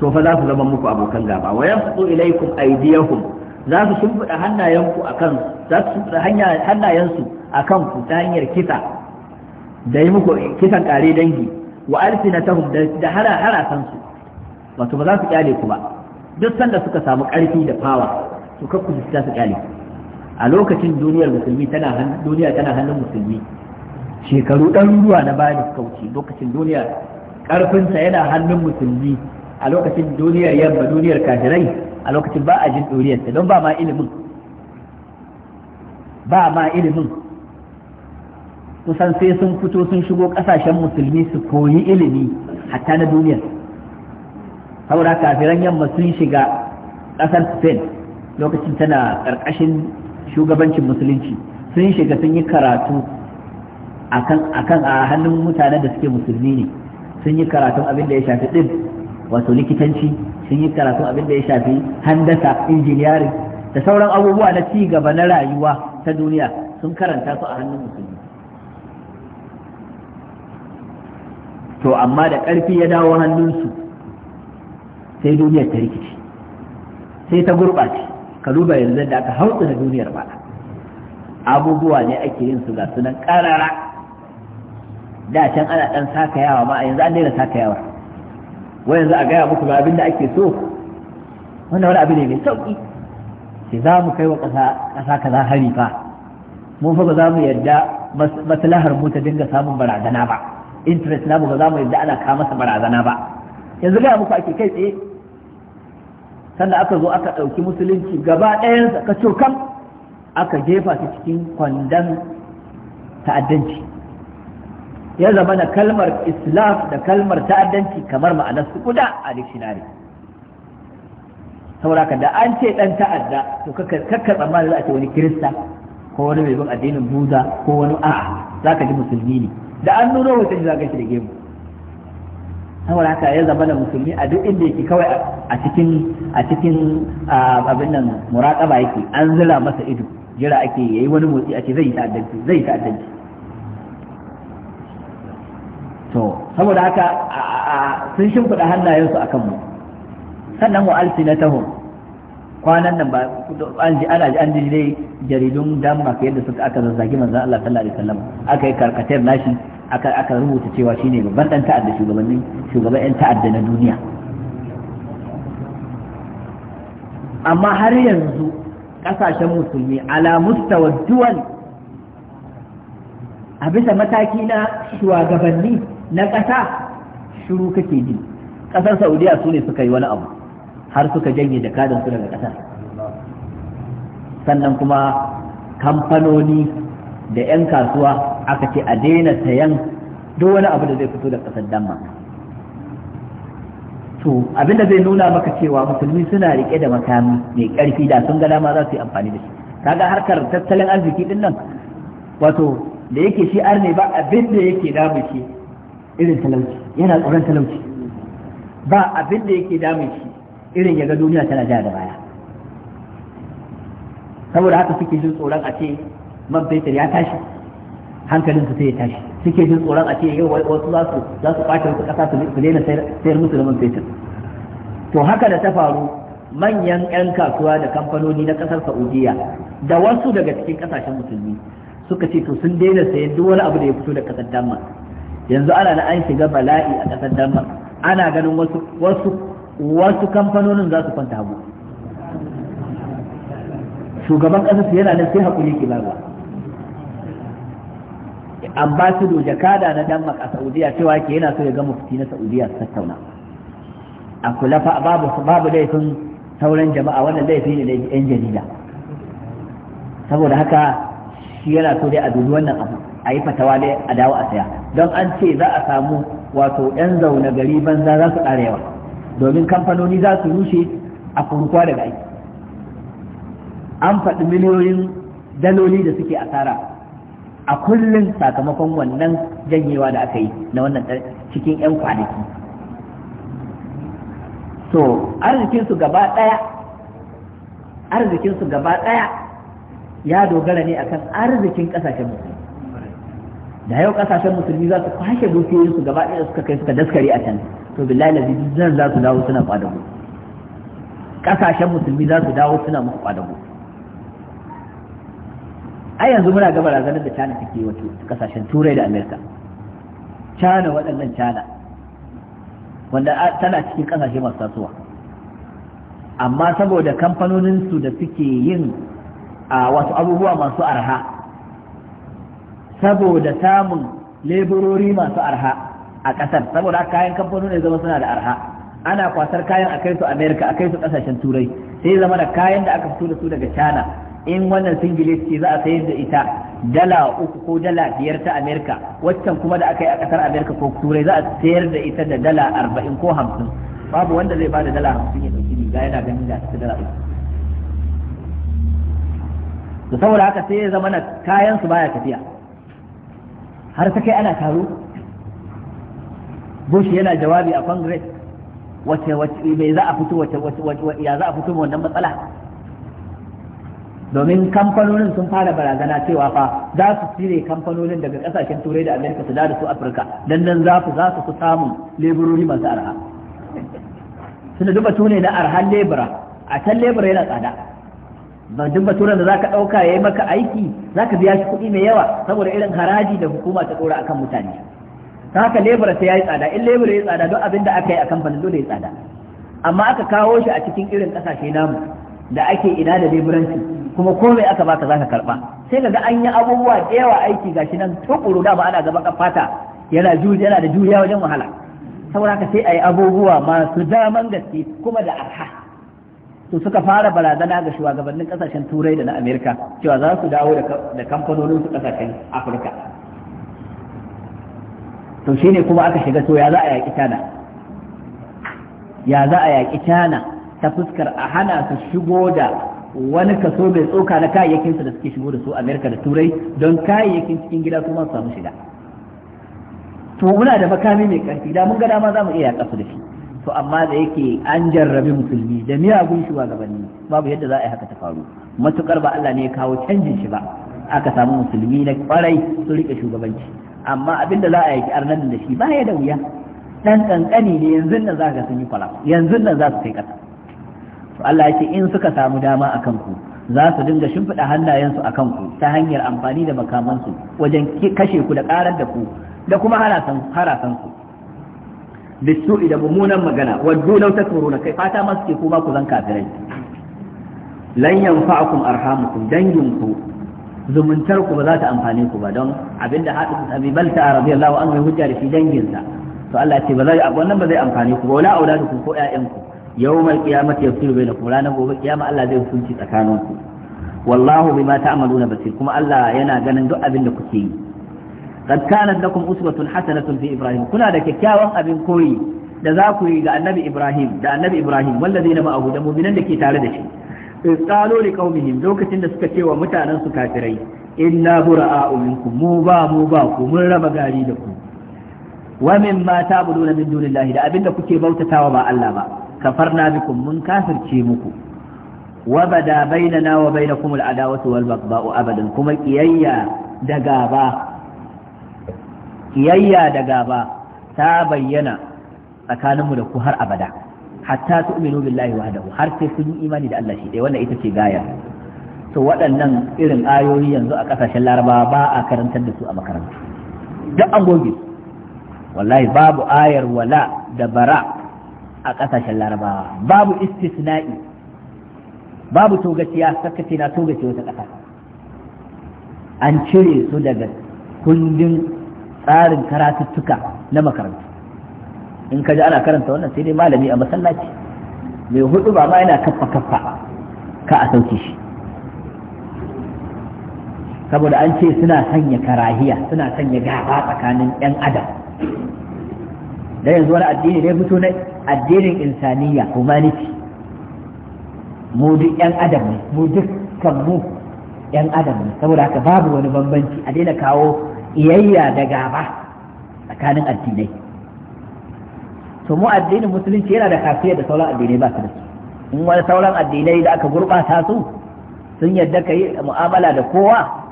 to fa za su zama muku abokan gaba wa yabsu ilaykum aydiyahum za su shimfida hannayenku akan za su shimfida hannayensu akan ku ta hanyar kisa da yi muku kisan kare dangi wa alsinatahum da hara harasan su wato ba za su kyale ku ba duk sanda suka samu karfi da fawa to kakku su kyale a lokacin duniyar musulmi tana duniya tana hannun musulmi shekaru ɗaruruwa na baya da suka wuce lokacin duniya ƙarfinsa yana hannun musulmi a lokacin duniyar yamma duniyar kafirai a lokacin ba a jin ɗoriyarsa don ba ma ilimin ba ma ilimin kusan sai sun fito sun shigo ƙasashen musulmi su koyi ilimi hatta na duniyar saboda kafiran yamma sun shiga ƙasar spain lokacin tana ƙarƙashin shugabancin musulunci sun shiga sun yi karatu akan akan a hannun mutanen da suke musulmi ne sun yi karatun abin da ya shafi ɗin wato likitanci sun yi karatun abin da ya shafi handasa injiniyari, da sauran abubuwa na ci gaba na rayuwa ta duniya sun karanta su a hannun musulmi to amma da ƙarfi ya dawo hannunsu sai duniyar ta rikici sai ta gurɓace ka duba yanzu da aka hautsu da duniyar ba abubuwa ne ake yin su ga sunan ƙarara da can ana dan sakayawa ma yanzu an daina yawa wai yanzu a gaya muku ga abin da ake so wannan wani abu ne mai sauki sai za mu kai wa ƙasa kaza hari fa mun fa ba za mu yadda maslahar mu ta dinga samun barazana ba interest mu ba za mu yadda ana kawo masa barazana ba yanzu gaya muku ake kai tsaye sannan aka zo aka ɗauki musulunci gaba ɗayansa ka cokam aka jefa su cikin kwandon ta'addanci ya zama na kalmar islam da kalmar ta'addanci kamar ma'anar su guda a dictionary sauraka da an ce dan ta'adda to kakka tsammani za a ce wani kirista ko wani mai bin addinin buda ko wani a'a za ka ji musulmi ne da an nuna hoton za ka shi da gemu saboda haka ya zama da musulmi a duk inda yake kawai a cikin a cikin abin nan muraƙaba yake an zula masa ido jira ake yayi wani motsi a ce zai yi ta'addanci zai yi ta'addanci to saboda haka sun shimfiɗa hannayensu a kanmu sannan wa alsinatahum kwanan nan ba an ji ana ji an ji dai jaridun kai yadda suka aka zazzagi manzon Allah sallallahu alaihi wasallam aka yi karkatar nashi aka aka rubuta cewa shine babban dan ta'adda shugabannin shugaban yan ta'adda na duniya amma har yanzu kasashen musulmi ala mustawa duwan a bisa mataki na shugabanni na ƙasa shiru kake ji ƙasar saudiya su ne suka yi wani abu har suka janye da jakadansu daga ƙasar sannan kuma kamfanoni da 'yan kasuwa aka ce a daina sayan duk wani abu da zai fito da ƙasar denmark to abinda zai nuna maka cewa musulmi suna rike da makami mai ƙarfi da sun ga dama za su yi amfani da shi kaga harkar tattalin arziki din wato da yake shi arne ba abin da yake damu shi irin talauci yana tsoron talauci ba abin da yake damun shi irin ya ga duniya tana jiya da baya saboda haka suke jin tsoron a ce man fetur ya tashi hankalin su sai ya tashi suke jin tsoron a ce yau wasu za su za su kwace wasu kasa su daina sayar musu da man fetur to haka da ta faru manyan 'yan kasuwa da kamfanoni na kasar saudiya da wasu daga cikin kasashen musulmi suka ce to sun daina sayan duk wani abu da ya fito da kasar denmark yanzu ana na an shiga bala'i a ƙasar Denmark ana ganin wasu wasu wasu kamfanonin za su kwanta hagu shugaban ƙasar su yana nan sai hakuri ki babu ambasado jakada na Denmark a Saudiya cewa ke yana so ya ga mufti na Saudiya su tattauna a kula fa babu babu laifin sauran jama'a wannan laifin ne na 'yan jarida saboda haka shi yana so dai a dubi wannan abu a yi fatawa dai a dawo a saya don an ce za a samu wato 'yan zaune gari banza za su ƙara yawa domin kamfanoni za su rushe a kurkuwa daga aiki an faɗi miliyoyin daloli da suke asara a kullum sakamakon wannan janyewa da aka yi na wannan cikin 'yan kwanaki so arzikinsu gaba ɗaya arzikinsu gaba ɗaya ya dogara ne akan arzikin ƙasashen musulmi da yau kasashen musulmi za su kwashe dukiyoyin su gaba ɗaya suka kai suka daskare a can to billahi lazi zan za su dawo suna ku kasashen musulmi za su dawo suna musu ku a yanzu muna ga barazanar da China take wato kasashen Turai da Amerika China waɗannan China wanda tana cikin kasashe masu tasowa amma saboda kamfanonin su da suke yin a wasu abubuwa masu arha saboda samun leburori masu arha a ƙasar saboda kayan ne zama suna da arha ana kwasar kayan a kai su america a kai su ƙasashen turai sai zama da kayan da aka fito da su daga china in wannan singile ce za a sayar da ita dala uku ko dala biyar ta america waccan kuma da aka yi a ƙasar america ko turai za a sayar da ita da dala arba'in ko hamsin babu wanda zai bada dala hamsin ya ɗauki riga yana ganin da ta dala uku to saboda haka sai ya zama na kayan su baya tafiya har ta kai ana taro bush yana jawabi a congress wace wace mai za a fito wace ya za a fito wannan matsala domin kamfanonin sun fara barazana cewa fa za su cire kamfanonin daga kasashen turai da amerika su da su afirka dan nan za su za su samun leburori masu arha suna duba tune na arhan lebura a can lebura yana tsada ba duk baturan da zaka dauka yayi maka aiki zaka biya shi kuɗi mai yawa saboda irin haraji da hukuma ta dora akan mutane haka lebura sai yayi tsada in lebura yayi tsada duk abin da aka yi a kamfanin dole yayi tsada amma aka kawo shi a cikin irin kasashe namu da ake ina da leburanci kuma komai aka baka zaka karba sai kaga an yi abubuwa da yawa aiki gashi nan tukuru da ba ana gaban kafata yana juji yana da juriya wajen wahala saboda haka sai ayi abubuwa masu daman gaske kuma da arha to suka fara barazana ga shugabannin kasashen turai da na amerika cewa za su dawo da kamfanonin su kasashen afirka to shine kuma aka shiga to ya za a yaƙi tana ya za a yaƙi tana ta fuskar a hana su shigo da wani kaso mai tsoka na kayayyakin su da suke shigo da su amerika da turai don kayayyakin cikin gida kuma su samu shiga to muna da makami mai karfi da mun ga dama za mu iya yaƙa su da shi to amma da yake an jarrabi musulmi da miyagun shugabanni babu yadda za a yi haka ta faru matukar ba Allah ne ya kawo canjin shi ba aka samu musulmi na kwarai su rike shugabanci amma abinda za a yi arnan da shi baya da wuya dan kankani ne yanzu nan za ka sun yi kwala yanzu nan za su kai kasa to Allah ya ce in suka samu dama akan ku za su dinga shimfiɗa hannayensu a kanku ta hanyar amfani da makamansu wajen kashe ku da ƙarar da ku da kuma harasanku bisu'i da mummunan magana waddu law takfuruna kai fata ma suke kuma ku zan kafirai lan yanfa'akum arhamukum danginku zumuntar ku ba za ta amfane ku ba don abinda hadith abi balta radiyallahu anhu ya hujja da shi danginsa to Allah ya ce ba zai wannan ba zai amfane ku ba wala auladukum ko ƴaƴanku yawmal qiyamati yafsilu bainakum ranar gobe kiyama Allah zai hukunci tsakaninku wallahu bima ta'maluna basir kuma Allah yana ganin duk abin da kuke yi qad kanat lakum uswatun hasanatun fi ibrahim kuna da kyakkyawan abin koyi da za ku yi ga annabi ibrahim da annabi ibrahim wallazina ma'ahu da mu'minan da ke tare da shi qalu liqaumihim lokacin da suka ce wa mutanen su kafirai inna bura'a'u minkum mu ba mu ba ku mun raba gari da ku wa mimma ta'buduna min da abinda kuke bautatawa ba Allah ba kafarna bikum mun kafirce muku wa baina bainana wa bainakum al'adawatu wal baghdha'u abadan kuma kiyayya da gaba kiyayya da gaba ta bayyana tsakaninmu da ku har abada hatta su tu'minu billahi wahdahu har sai sun yi imani da Allah shi dai wannan ita ce gaya to waɗannan irin ayoyi yanzu a ƙasashen larabawa ba a karantar da su a makaranta duk an goge wallahi babu ayar wala da bara a ƙasashen larabawa babu istisna'i babu togaciya sakaci na togaci wata ƙasa an cire su daga kundin tsarin karatuttuka na makarantu in ka ji ana karanta wannan sai dai malami a masallaci mai hudu ba ma yana kaffa kaffa ka a sauke shi saboda an ce suna sanya karahiya suna sanya gaba tsakanin yan adam da yanzu wani addini ne fito na addinin insaniya humanity mu duk yan adam ne mu dukkan mu yan adam ne saboda haka babu wani bambanci a daina kawo iyayya da gaba tsakanin addinai to mu addinin musulunci yana da kafiyar da sauran addinai ba su da su in wani sauran addinai da aka gurɓata su sun yadda ka yi mu'amala da kowa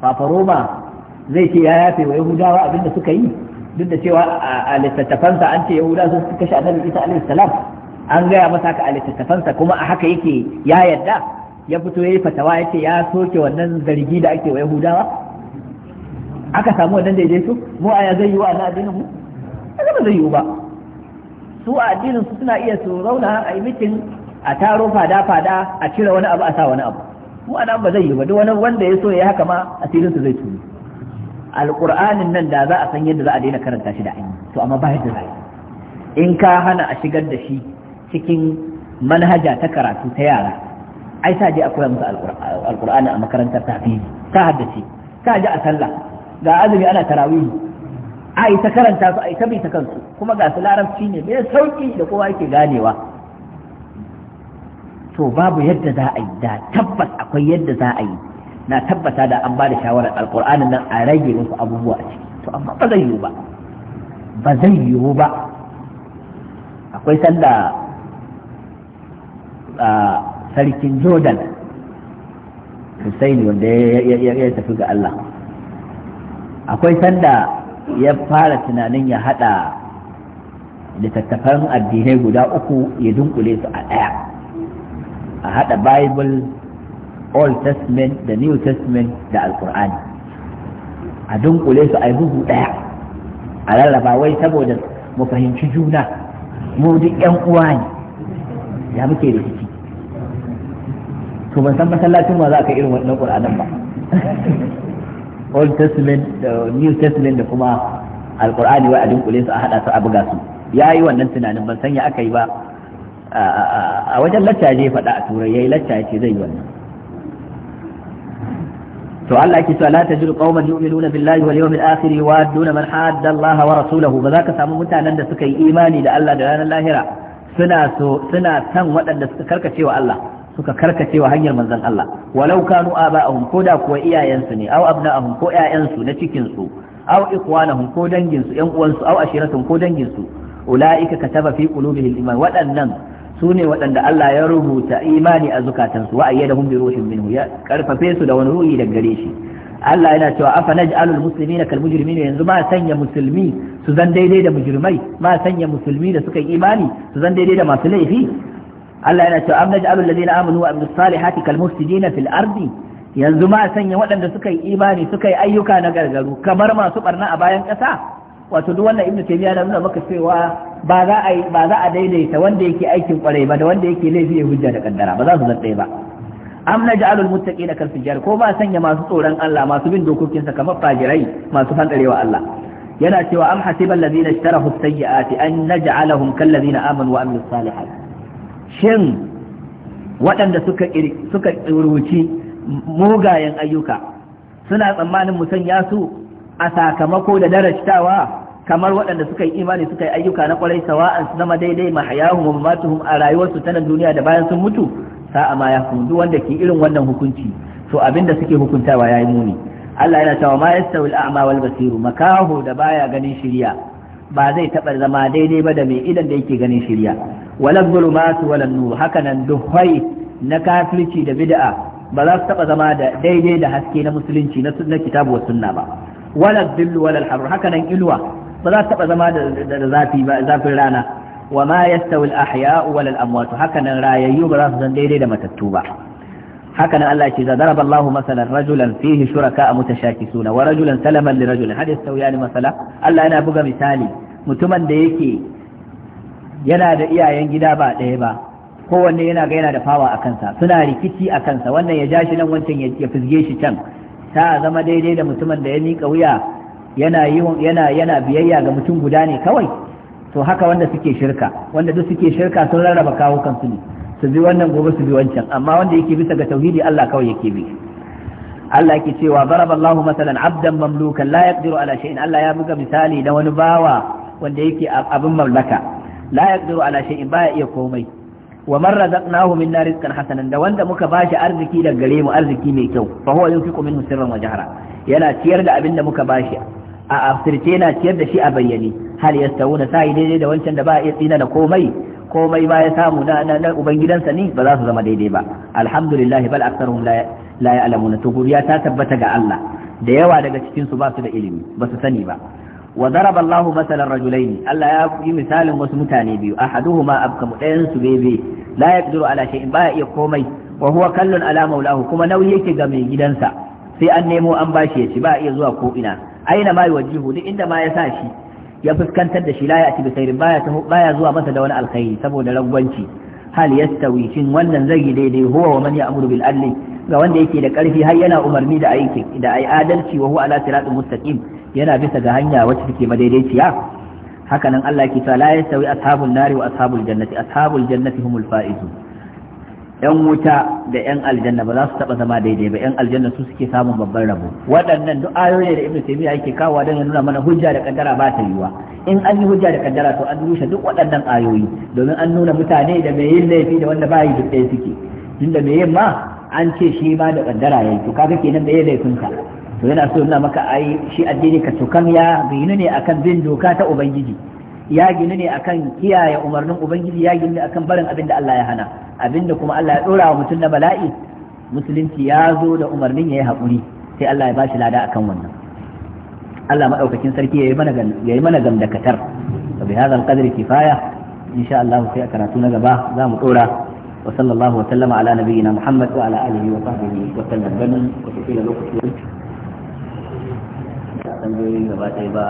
fafaroma zai ce ya yafe wa yahudawa abin da suka yi duk da cewa a littattafansa an ce yahuda sun kashe annabi isa alaihi salam an gaya masa ka a littattafansa kuma a haka yake ya yadda ya fito ya yi fatawa ya ce ya soke wannan zargi da ake wa yahudawa aka samu daidai su? mu a ya zai yi wa na addinin mu kaga ba zai yi ba su a addinin su suna iya su rauna a yi mitin a taro fada fada a cire wani abu a sa wani abu mu a nan ba zai yi ba duk wani wanda ya so ya haka ma asirin su zai tuni alqur'anin nan da za a san yadda za a daina karanta shi da ainihi to amma ba yadda za in ka hana a shigar da shi cikin manhaja ta karatu ta yara ai sa je a koya musu alqur'ani a makarantar tafiyi ta haddace ta je a sallah ga azumi ana tarawih. a yi ta karanta su a yi ta ta kansu kuma ga su larabci ne mai sauki da kowa yake ganewa to babu yadda za a yi da tabbas akwai yadda za a yi na tabbata da an ba da shawarar alkur'anin nan a rage wasu abubuwa a ciki to amma ba zai yiwu ba ba zai yiwu ba akwai sanda sarkin jordan Hussaini wanda ya tafi ga Allah akwai sanda ya fara tunanin ya hada littattafan addinai guda uku ya dunkule su a ɗaya a hada bible old testament da new testament da alkur'ani a dunkule su a yi bugu ɗaya a lallaba wai saboda mu fahimci juna mu duk yan uwa ne ya muke da ciki to ban san masallacin ma za ka irin wannan qur'anin ba old testament da new testament da kuma alkur'ani wai a dunkule su a hada su a buga su ya yi wannan tunanin ban sanya aka yi ba a wajen lacca je faɗa a turai ya yi lacca ce zai yi wannan to Allah yake cewa la tajidu qauman yu'minuna billahi wal yawmil akhir yuwadduna man hadda Allah wa rasulahu ba za ka samu mutanen da suka yi imani da Allah da ranar lahira suna so suna san waɗanda suka karkace wa Allah suka karkace wa hanyar manzon Allah walau kanu aba'ahum ko da kuwa iyayensu ne aw abna'ahum ko iyayensu na cikin su aw ikwanahum ko dangin su ƴan uwansu aw ashiratuhum ko dangin su ulaika kataba fi qulubihil iman waɗannan su ne waɗanda Allah ya rubuta imani a zukatansu wa ayyadahum bi ruhin minhu ya karfafe su da wani ruhi daga gare shi Allah yana cewa afa naj'alul muslimina kal mujrimina yanzu ma sanya musulmi su zan daidai da mujrimai ma sanya musulmi da suka yi imani su zan daidai da masu laifi Allah yana cewa amna ja'alul ladina amanu wa amilus salihati kal mufsidina fil ardi yanzu ma sanya waɗanda suka yi imani suka yi ayyuka na gargaru kamar masu barna a bayan ƙasa wato duk wannan ibnu taymiya na nuna maka cewa ba za a ba za a daidaita wanda yake aikin kwarai ba da wanda yake laifi ya hujja da kaddara ba za su zanta ba am naj'alul muttaqina kal fujjar ko ba sanya masu tsoron Allah masu bin dokokin sa kamar fajirai masu fandarewa Allah yana cewa am hasiba alladhina ishtarahu as-sayyi'ati an naj'alahum kal ladina amanu wa amilus salihati shin waɗanda suka suka rubuci mugayen ayyuka suna tsammanin sanya su a sakamako da darajtawa kamar waɗanda suka yi imani suka yi ayyuka na kwarai sawa'an su zama daidai mahayahum wa mamatuhum a rayuwarsu ta nan duniya da bayan sun mutu sa'a ma ya duk wanda ke irin wannan hukunci to abinda suke hukuntawa yayi muni Allah yana cewa ma yastawil ama wal basiru makahu da baya ganin shirya ba zai taɓa zama daidai ba da mai idan da yake ganin shirya wala zulumatu wala nur haka nan duhai na kafirci da bid'a ba za su taba zama da daidai da haske na musulunci na sunna kitabu wa sunna ba wala dhillu wala harr haka ilwa ba za su taba zama da zafi ba zafin rana wa ma yastawi al ahya'u wala al amwat haka nan rayayyu ba za su zan daidai da matattu ba haka nan Allah ce zaraba Allah masalan rajulan fihi shuraka mutashakisuna wa rajulan salaman li rajulin hadis tawiyani masala Allah yana buga misali mutumin da yake yana da iyayen gida ba ɗaya ba kowanne yana ga yana da fawa a kansa suna rikici a kansa wannan ya ja shi nan wancan ya fizge shi can ta zama daidai da mutumin da ya miƙa wuya yana yana yana biyayya ga mutum guda ne kawai to haka wanda suke shirka wanda duk suke shirka sun rarraba kawo kansu ne su bi wannan gobe su bi wancan amma wanda yake bisa ga tauhidi Allah kawai yake bi Allah yake cewa baraballahu masalan abdan mamlukan la yaqdiru ala shay'in Allah ya buga misali da wani bawa wanda yake abin mallaka la yaqdiru ala shay'in baya iya komai wa man razaqnahu minna rizqan hasanan da wanda muka bashi arziki da gare mu arziki mai kyau fa huwa yunfiqu minhu sirran wa jahra yana ciyar da abin da muka bashi a asirce yana ciyar da shi a bayyane hal yastawuna sai daidai da wancan da ba iya tsina da komai komai ba ya samu na na ubangidansa ne ba za su zama daidai ba alhamdulillah bal aktharuhum la la ya'lamuna to guriya ta tabbata ga Allah da yawa daga cikin su ba su da ilimi ba su sani ba wa daraba Allah masalan rajulaini Allah ya yi misalin wasu mutane biyu ahaduhuma ma ɗayan su bebe la yaqdiru ala shay'in baya iya komai wa kallon alama ala kuma nauyi yake ga mai gidansa sai an nemo an bashi ya ci ba iya zuwa ko ina aina ma yuwajjihu duk inda ma ya sa shi ya fuskantar da shi la ya'ti bi khairin baya baya zuwa masa da wani alkhairi saboda rangwanci hal yastawi shin wannan zai yi daidai huwa wa man ya'muru bil adli ga wanda yake da karfi har yana umarni da aiki da adalci wa huwa ala siratin mustaqim yana bisa ga hanya wacce take madaidaiciya haka nan Allah ke sa la yastawi ashabun nari wa ashabul jannati ashabul jannati humul Fa'izu. yan wuta da yan aljanna ba za su taba zama daidai ba yan aljanna su suke samun babban rabo waɗannan duk ayoyi da ibnu taymiya yake kawo don ya nuna mana hujja da kaddara ba ta yiwa in an yi hujja da kaddara to an rushe duk waɗannan ayoyi domin an nuna mutane da mai yin laifi da wanda ba yi duk ɗaya suke tunda mai yin ma an ce shi ma da kaddara yayi to kaga kenan da yayi laifin ka to yana so yana maka ai shi addini ka tukan ya ginu ne akan bin doka ta ubangiji ya ginu ne akan kiyaye umarnin ubangiji ya ginu ne akan barin abin da Allah ya hana abin da kuma Allah ya dora wa mutum na bala'i musulunci ya zo da umarnin ya yi haƙuri sai Allah ya bashi lada akan wannan Allah maɗaukakin sarki ya yi mana gamdakatar wa bi hadha al-qadri kifaya insha Allah sai a karatu na gaba za mu dora wa sallallahu wa sallama ala nabiyyina Muhammad wa ala alihi wa sahbihi wa sallam dan ku tsira lokacin tambayoyi gaba ɗaya ba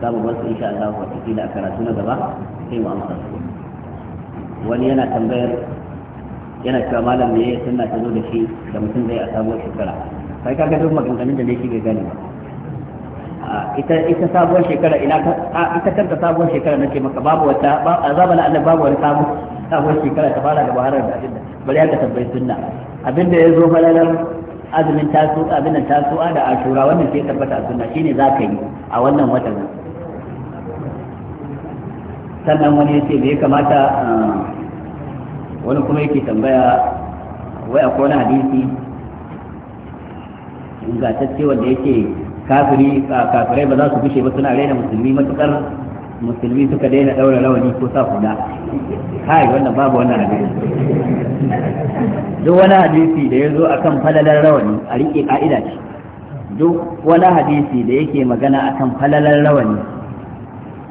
za mu bar su insha Allah wataƙila a karatu na gaba sai mu amsa su wani yana tambayar yana cewa malam ne ya na ta zo da shi da mutum zai a sabuwar shekara kai kaga duk maganganun da ne shi bai gane ba ita ita sabuwar shekara ina ka ita kanta sabuwar shekara nake maka babu wata azaba na Allah babu wani sabu sabuwar shekara ta fara da baharar da abinda bari aka tambayi sunna abinda ya zo falalar azumin taso azumin tasowa da ashura wannan sai tabbata sunna shine za ka yi a wannan watan sannan wani ya ce bai kamata ah, wani kuma yake tambaya wai akwai wani hadisi ingantacce wanda yake kafiri kafirai ba za su bushe ba suna raina musulmi matukar musulmi suka daina daura rawani ko sa kuda kai wannan babu wannan hadisi duk wani hadisi da ya zo a kan falalar rawani a riƙe ƙa'ida ce duk wani hadisi da yake magana a kan falalar rawani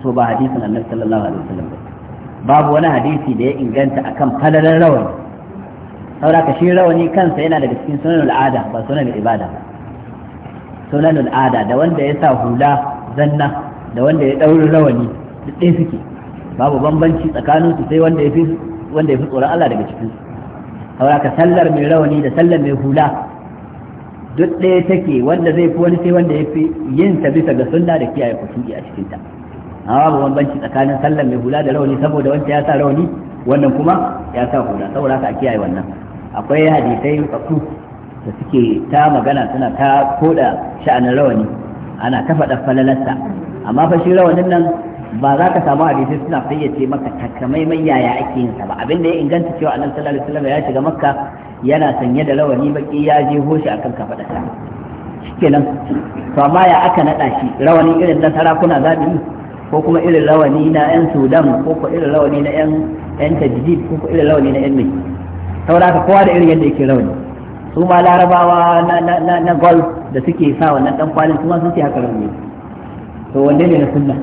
so ba hadisin annabi sallallahu alaihi wasallam ba babu wani hadisi da ya inganta a kan falalar rawani ka shi rawani kansa yana daga cikin sunan al'ada ba sunan ibada ba sunan al'ada da wanda ya sa hula zanna da wanda ya ɗauri rawani duk ɗaya suke babu bambanci tsakanin su sai wanda ya fi wanda ya fi tsoron Allah daga cikinsu. saboda sallar mai rawani da sallar mai hula duk ɗaya take wanda zai fi wani sai wanda ya fi yin ta bisa ga sunna da kiyaye kusuri a cikin ta amma ba bambanci tsakanin sallar mai hula da rawani saboda wanda ya sa rawani wannan kuma ya sa hula saboda haka a kiyaye wannan akwai hadisai rutsattu da suke ta magana suna ta koda sha'anin rawani ana kafa faɗa falalarsa amma fa shi rawanin nan ba za ka samu hadisi suna fayyace maka takamaimai yaya ake yin sa ba abin da ya inganta cewa annabi sallallahu alaihi wasallam ya shiga makka yana sanye da rawani baki ya je hoshi akan kafada sa shikenan to amma ya aka nada shi rawani irin na sarakuna zabi ko kuma irin rawani na yan sudan ko ko irin rawani na yan yan tajdid ko ko irin rawani na yan mai saboda kowa da irin yadda yake rawani su ma larabawa na na na golf da suke sa wannan dan kwalin su ma sun ce haka rawani to wanne ne na sunna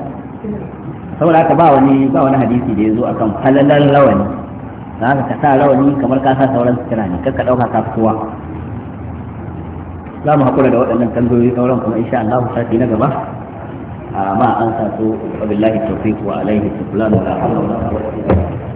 saboda haka ba wani ba wani hadisi da ya zo akan halalan rawani za haka ka sa rawani kamar ka sa sauran sutura ne kar ka ɗauka ka kowa za mu haƙura da waɗannan tambayoyi sauran kuma insha Allah sati na gaba amma an sa su wabillahi tawfiq wa alaihi tuflan wa la